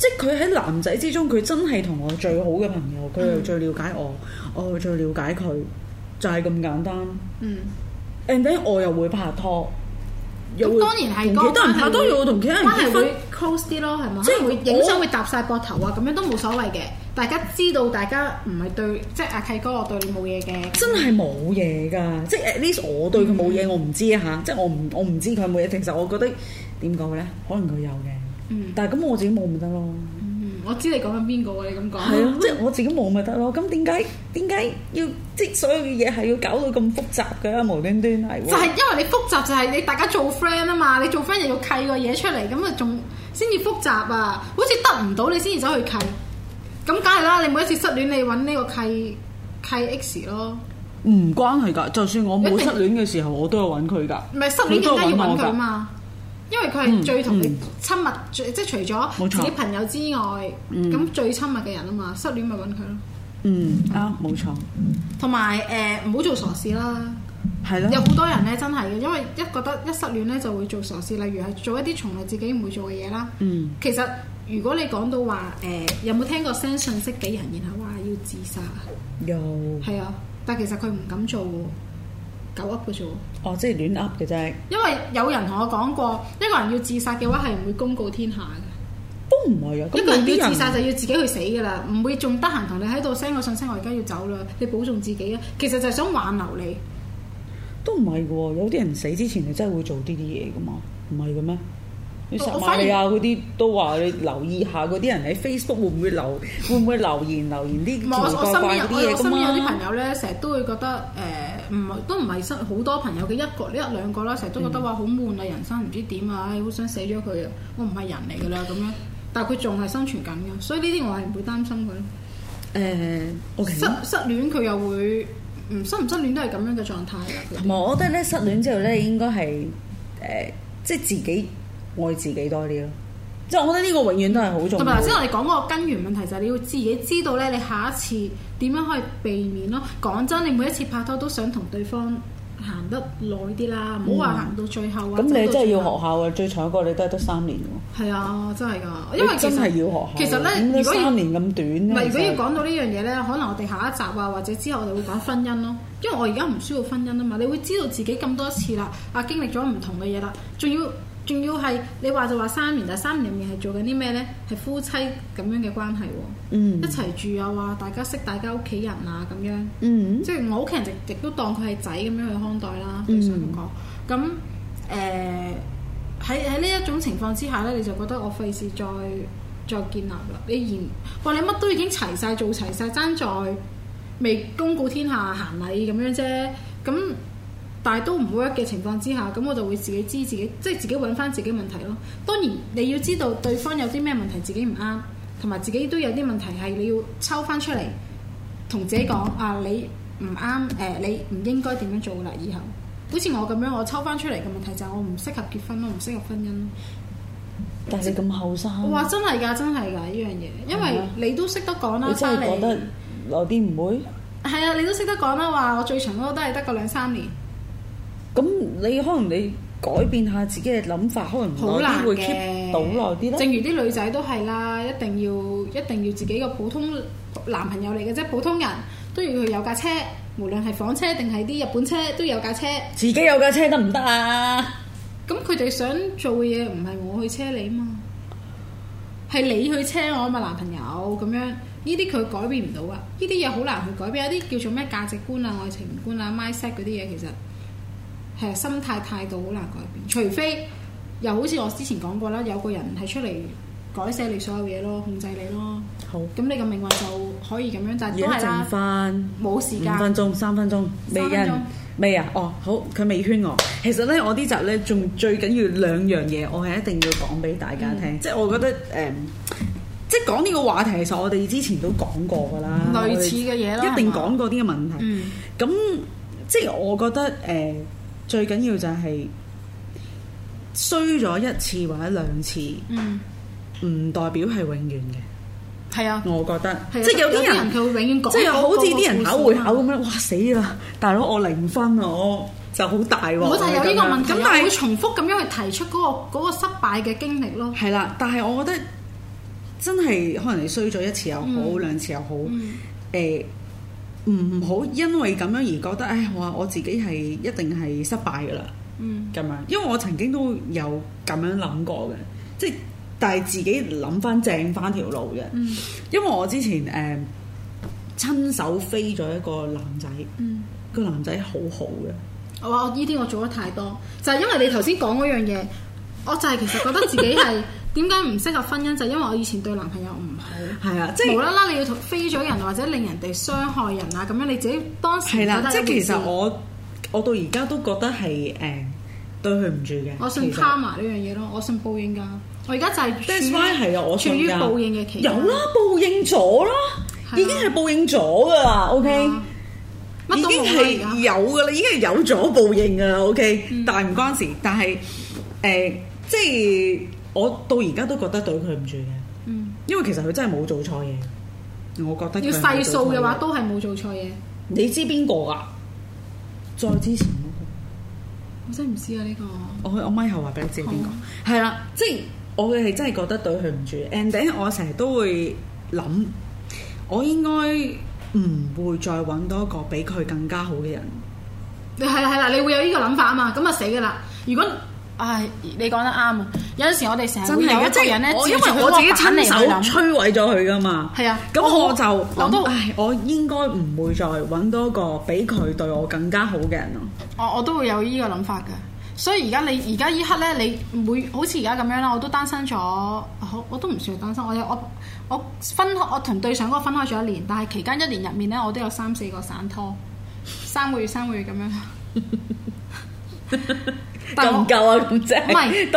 即係佢喺男仔之中，佢真係同我最好嘅朋友，佢又最了解我，我又最了解佢，就係、是、咁簡單。嗯 and 我又會拍拖，咁當然係同其他人拍拖，又同其他人關係會 close 啲咯，係嘛即？即係會影相會搭晒膊頭啊，咁樣都冇所謂嘅。我大家知道大家唔係對，即係阿契哥我對你冇嘢嘅，嗯、樣真係冇嘢噶。即係 at least 我對佢冇嘢，我唔知啊吓。即係我唔我唔知佢冇嘢，其實我覺得點講咧？可能佢有嘅。嗯，但係咁我自己冇咪得咯。嗯，我知你講緊邊個喎？你咁講。係啊，啊即係我自己冇咪得咯。咁點解點解要即所有嘅嘢係要搞到咁複雜嘅、啊、無端端係喎？就係因為你複雜，就係你大家做 friend 啊嘛。你做 friend 又要契個嘢出嚟，咁啊仲先至複雜啊。好似得唔到你先至走去契，咁梗係啦。你每一次失戀，你揾呢個契契 X 咯。唔關係㗎，就算我冇失戀嘅時候，我都有揾佢㗎。唔係你失戀點解要揾佢啊嘛？因為佢係最同你親密，嗯嗯、即係除咗自己朋友之外，咁錯最親密嘅人啊嘛，嗯、失戀咪揾佢咯。嗯，對 啊，冇錯。同埋誒，呃、唔好做傻事啦。係咯的。有好多人咧，真係嘅，因為一覺得一失戀咧就會做傻事，例如係做一啲從來自己唔會做嘅嘢啦。嗯。其實如果你講到話誒、呃，有冇聽過 send 信息俾人，然後話要自殺啊？有。係啊，但其實佢唔敢做，狗噏嘅啫。哦，即係亂噏嘅啫。因為有人同我講過，嗯、一個人要自殺嘅話係唔會公告天下嘅，都唔係啊。一個人要自殺就要自己去死噶啦，唔會仲得閒同你喺度 send 個信息，我而家要走啦，你保重自己啊。其實就係想挽留你。都唔係喎，有啲人死之前你真係會做呢啲嘢㗎嘛，唔係嘅咩？你你啊、我翻嚟啊！嗰啲都話你留意下會會，嗰啲人喺 Facebook 會唔會留會唔會留言留言啲奇怪啲嘢㗎嘛？我身邊有啲朋友咧，成日都會覺得誒唔係都唔係失好多朋友嘅一個一兩個啦，成日都覺得話好悶啊，人生唔知點啊，唉，好想死咗佢啊，我唔係人嚟㗎啦咁樣。但係佢仲係生存緊㗎，所以呢啲我係唔會擔心佢㗎。誒、uh, okay.，失失戀佢又會唔失唔失戀都係咁樣嘅狀態同埋、嗯、我覺得咧失戀之後咧應該係誒、呃、即係自己。愛自己多啲咯，即係我覺得呢個永遠都係好重要。同埋頭先，我哋講嗰個根源問題就係你要自己知道咧，你下一次點樣可以避免咯？講真，你每一次拍拖都想同對方行得耐啲啦，唔好話行到最後。咁、嗯、你真係要學校嘅，最長嗰個你都係得三年喎。係啊，真係㗎、啊，因為真係要學校。其實咧，如果三年咁短唔係如果要講到呢樣嘢咧，可能我哋下一集啊，或者之後我哋會講婚姻咯。因為我而家唔需要婚姻啊嘛，你會知道自己咁多次啦，啊經歷咗唔同嘅嘢啦，仲要。仲要係你話就話三年，但三年入面係做緊啲咩呢？係夫妻咁樣嘅關係喎、哦，嗯、一齊住又、啊、話大家識大家屋企人啊咁樣，嗯、即係我屋企人亦亦都當佢係仔咁樣去看待啦。以上咁講，咁誒喺喺呢一種情況之下呢，你就覺得我費事再再建立啦。你而話你乜都已經齊晒，做齊晒，爭在未公告天下行禮咁樣啫，咁。但係都唔 work 嘅情況之下，咁我就會自己知自己，即係自己揾翻自己問題咯。當然你要知道對方有啲咩問題，自己唔啱，同埋自己都有啲問題係你要抽翻出嚟同自己講啊。你唔啱誒，你唔應該點樣做啦。以後好似我咁樣，我抽翻出嚟嘅問題就係我唔適合結婚咯，唔適合婚姻。但係你咁後生，我話真係㗎，真係㗎呢樣嘢，因為你都識得講啦。吧理真翻得有啲唔會係啊，你都識得講啦。話我最長都係得個兩三年。咁你可能你改變下自己嘅諗法，可能好難會 keep 到耐啲咧。正如啲女仔都係啦，一定要一定要自己個普通男朋友嚟嘅啫，普通人都要佢有架車，無論係房車定係啲日本車都有架車。自己有架車得唔得啊？咁佢哋想做嘅嘢唔係我去車你嘛，係你去車我啊嘛，男朋友咁樣。呢啲佢改變唔到噶，呢啲嘢好難去改變。有啲叫做咩價值觀啊、愛情觀啊、mindset 嗰啲嘢，其實。係啊，心態態度好難改變，除非又好似我之前講過啦，有個人係出嚟改寫你所有嘢咯，控制你咯。好。咁你個命運就可以咁樣，就現在 都係啦。冇下時間。五分鐘，三分鐘。未啊？未啊？哦，好，佢未圈我。其實咧，我呢集咧，仲最緊要兩樣嘢，我係一定要講俾大家聽。嗯、即係我覺得誒、呃，即係講呢個話題，其實我哋之前都講過㗎啦、嗯，類似嘅嘢啦，一定講過啲嘅問題。嗯。咁、嗯、即係我覺得誒。呃最緊要就係衰咗一次或者兩次，唔、嗯、代表係永遠嘅。係啊，我覺得，啊、即係有啲人佢會永遠講、啊，即係好似啲人考會考咁樣，哇死啦！大佬我零分我就好大喎，我就有呢個問題，咁但係是會重複咁樣去提出嗰、嗰個嗰個失敗嘅經歷咯。係啦、啊，但係我覺得真係可能你衰咗一次又好，兩次又好，誒、嗯。嗯嗯唔好因為咁樣而覺得，誒我話我自己係一定係失敗噶啦。咁樣、嗯，因為我曾經都有咁樣諗過嘅，即係但係自己諗翻正翻條路嘅。嗯、因為我之前誒、呃、親手飛咗一個男仔，個、嗯、男仔好好嘅。我話呢啲我做得太多，就係、是、因為你頭先講嗰樣嘢。我就係其實覺得自己係點解唔適合婚姻，就係因為我以前對男朋友唔好，係啊，即係無啦啦你要同飛咗人或者令人哋傷害人啊，咁樣你自己當時覺得係一回事。係啦，即係其實我我到而家都覺得係誒對佢唔住嘅。我信 karma 呢樣嘢咯，我信報應噶。我而家就係 that's why 係啊，我信噶。處於報應嘅期有啦，報應咗啦，已經係報應咗噶啦。OK，乜都冇啦。已經係有噶啦，已經係有咗報應噶啦。OK，但係唔關事，但係誒。即係我到而家都覺得對佢唔住嘅，嗯、因為其實佢真係冇做錯嘢。我覺得要細數嘅話，都係冇做錯嘢。你知邊個啊？嗯、再之前嗰、那個，我真係唔知啊！呢個我我咪後話俾你知邊個係啦，即係我係真係覺得對佢唔住，and then 我成日都會諗，我應該唔會再揾多個比佢更加好嘅人。你係啦係啦，你會有呢個諗法啊嘛，咁啊死㗎啦！如果、嗯唉，你講得啱啊！有陣時我哋成日會有一個人咧，因為我自己親手摧毀咗佢㗎嘛。係啊，咁我，我就，我都，我應該唔會再搵多個比佢對我更加好嘅人咯。我我都會有依個諗法㗎。所以而家你而家依刻咧，你會好似而家咁樣啦。我都單身咗，好我都唔算單身。我有我我分開，我同對上嗰個分開咗一年，但係期間一年入面咧，我都有三四個散拖，三個月三個月咁樣。 唔夠啊！咁即係，但係咧，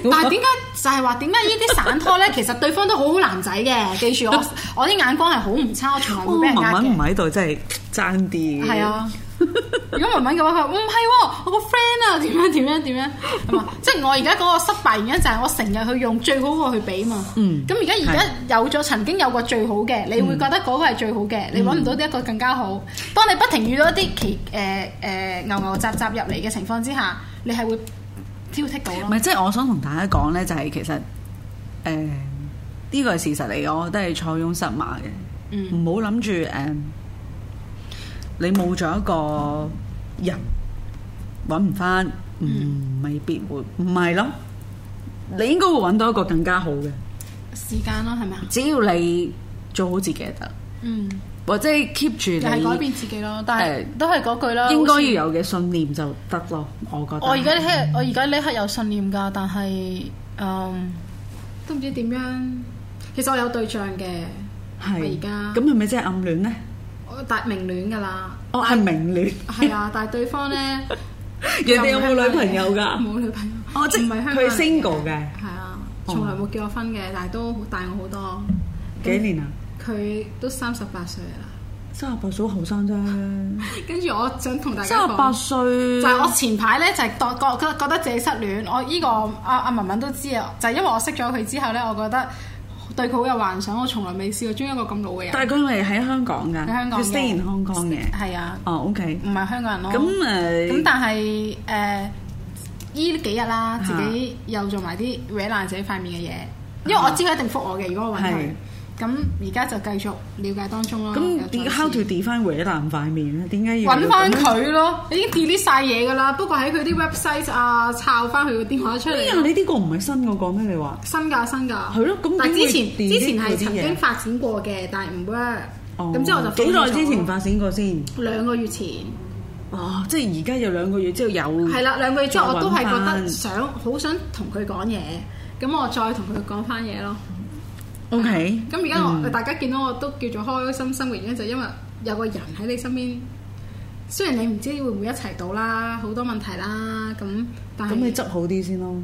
但係點解就係話點解呢啲散拖咧？其實對方都好好男仔嘅。記住我，我啲眼光係好唔差，我從 噢、哦、來唔俾人蝦嘅。如果文文唔喺度，真係爭啲。係 啊，如果文文嘅話，佢話唔係喎，我個 friend 啊，點樣點樣點樣，樣。唔係，即係我而家嗰個失敗原因就係我成日去用最好嗰個去比嘛。咁而家而家有咗的曾經有過最好嘅，嗯、你會覺得嗰個係最好嘅，你揾唔到啲一個更加好。當你不停遇到一啲奇誒誒牛牛雜雜入嚟嘅情況之下。你係會挑剔到啊。唔係，即係我想同大家講咧，就係、是、其實誒，呢個係事實嚟，我覺得係塞翁失馬嘅。唔好諗住誒，你冇咗一個人，搵唔返，唔、嗯嗯、未必會唔係咯，你應該會搵到一個更加好嘅時間咯，係咪啊？只要你做好自己就得。嗯。或者 keep 住你，又係改變自己咯，但係都係嗰句啦。應該要有嘅信念就得咯，我覺得。我而家呢？我而家呢刻有信念噶，但係誒都唔知點樣。其實我有對象嘅，係而家。咁係咪真係暗戀咧？我但係明戀噶啦。我係明戀。係啊，但係對方咧，人哋有冇女朋友噶？冇女朋友。我即係佢 single 嘅。係啊，從來冇結過婚嘅，但係都大我好多。幾年啊？佢都三十， 十八歲啦，三十八歲好後生啫。跟住我想同大家講，三十八歲就係我前排咧，就係覺覺覺得自己失戀。我呢、這個阿阿、啊、文文都知啊，就係、是、因為我識咗佢之後咧，我覺得對佢好有幻想。我從來未試過追一個咁老嘅人。但係佢係喺香港㗎，喺香港嘅，雖然香港嘅，係啊。哦、oh，OK，唔係香港人咯。咁誒你，咁但係誒依幾日啦，自己又做埋啲搲爛自己塊面嘅嘢，因為我知佢一定覆我嘅，如果我揾佢。咁而家就繼續了解當中咯。咁點烤條 delete 翻搲爛塊面咧？點解要揾翻佢咯？你已經 delete 曬嘢㗎啦。不過喺佢啲 website 啊，抄翻佢個電話出嚟。咦？你呢個唔係新個咩？你話新㗎新㗎。係咯。咁但之前之前係曾經發展過嘅，但係唔 work。咁之後我就幾耐之前發展過先。兩個月前。哦，即係而家有兩個月之後有。係啦，兩個月之後我都係覺得想好回想同佢講嘢，咁我再同佢講翻嘢咯。OK，咁而家我大家見到我都叫做開開心心嘅，原因就係因為有個人喺你身邊。雖然你唔知會唔會一齊到啦，好多問題啦，咁，但係。咁你執好啲先咯，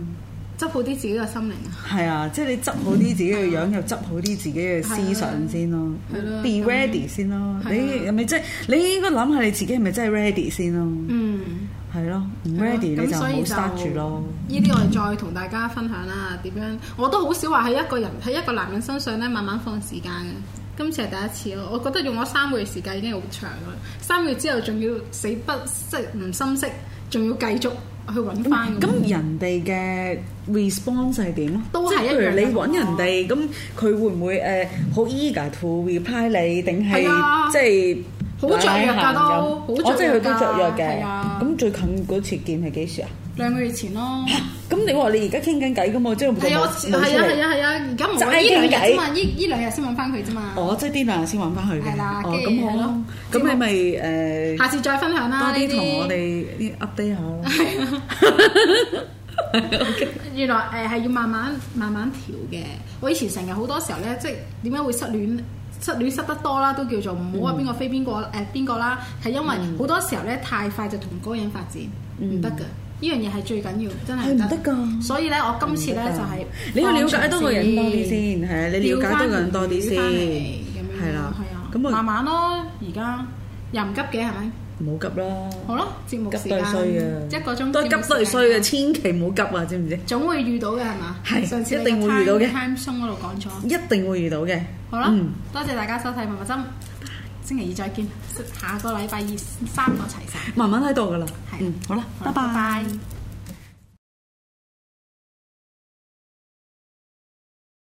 執好啲自己嘅心靈啊。係啊，即係你執好啲自己嘅樣，嗯啊、又執好啲自己嘅思想先咯。係咯了，Be ready 先咯。你係咪真？了你應該諗下你自己係咪真係 ready 先咯。嗯。係咯，唔 ready 了你就唔好塞住咯。呢啲我哋再同大家分享啦，點、嗯、樣？我都好少話喺一個人喺一個男人身上咧，慢慢放時間。今次係第一次咯，我覺得用咗三個月時間已經好長啦。三個月之後仲要死不息，唔心息，仲要繼續去揾翻。咁人哋嘅 response 係點？都係一樣。即係譬如你揾人哋，咁佢會唔會誒好、uh, eager to reply 你？定係即係？就係好雀躍㗎，都好我即係佢都雀躍嘅，咁最近嗰次見係幾時啊？兩個月前咯。咁你話你而家傾緊偈㗎嘛？即係冇。係我係啊係啊係啊！咁唔係呢兩日啫嘛？依呢兩日先揾翻佢啫嘛。哦，即係呢兩日先揾翻佢嘅。係啦。哦，咁好咯咁你咪誒，下次再分享啦。多啲同我哋 update 下咯。原來誒係要慢慢慢慢調嘅。我以前成日好多時候咧，即係點解會失戀？失戀失得多啦，都叫做唔好話邊個飛邊個誒邊個啦，係、嗯呃、因為好多時候咧太快就同嗰個人發展唔得噶，呢樣嘢係最緊要，真係唔得噶。以所以咧，我今次咧就係你要了解多個人多啲先，係啊，你了解多個人多啲先，係啦，係啊，慢慢咯，而家又唔急嘅係咪？唔好急啦！好啦，節目時間，一個鐘都急都係衰嘅，千祈唔好急啊！知唔知？總會遇到嘅係嘛？係，上次嘅 Time Zone 嗰度講咗，一定會遇到嘅。好啦，多謝大家收睇《蜜蜜針》，星期二再見，下個禮拜二三個齊晒。慢慢喺度㗎啦。係，嗯，好啦，拜拜。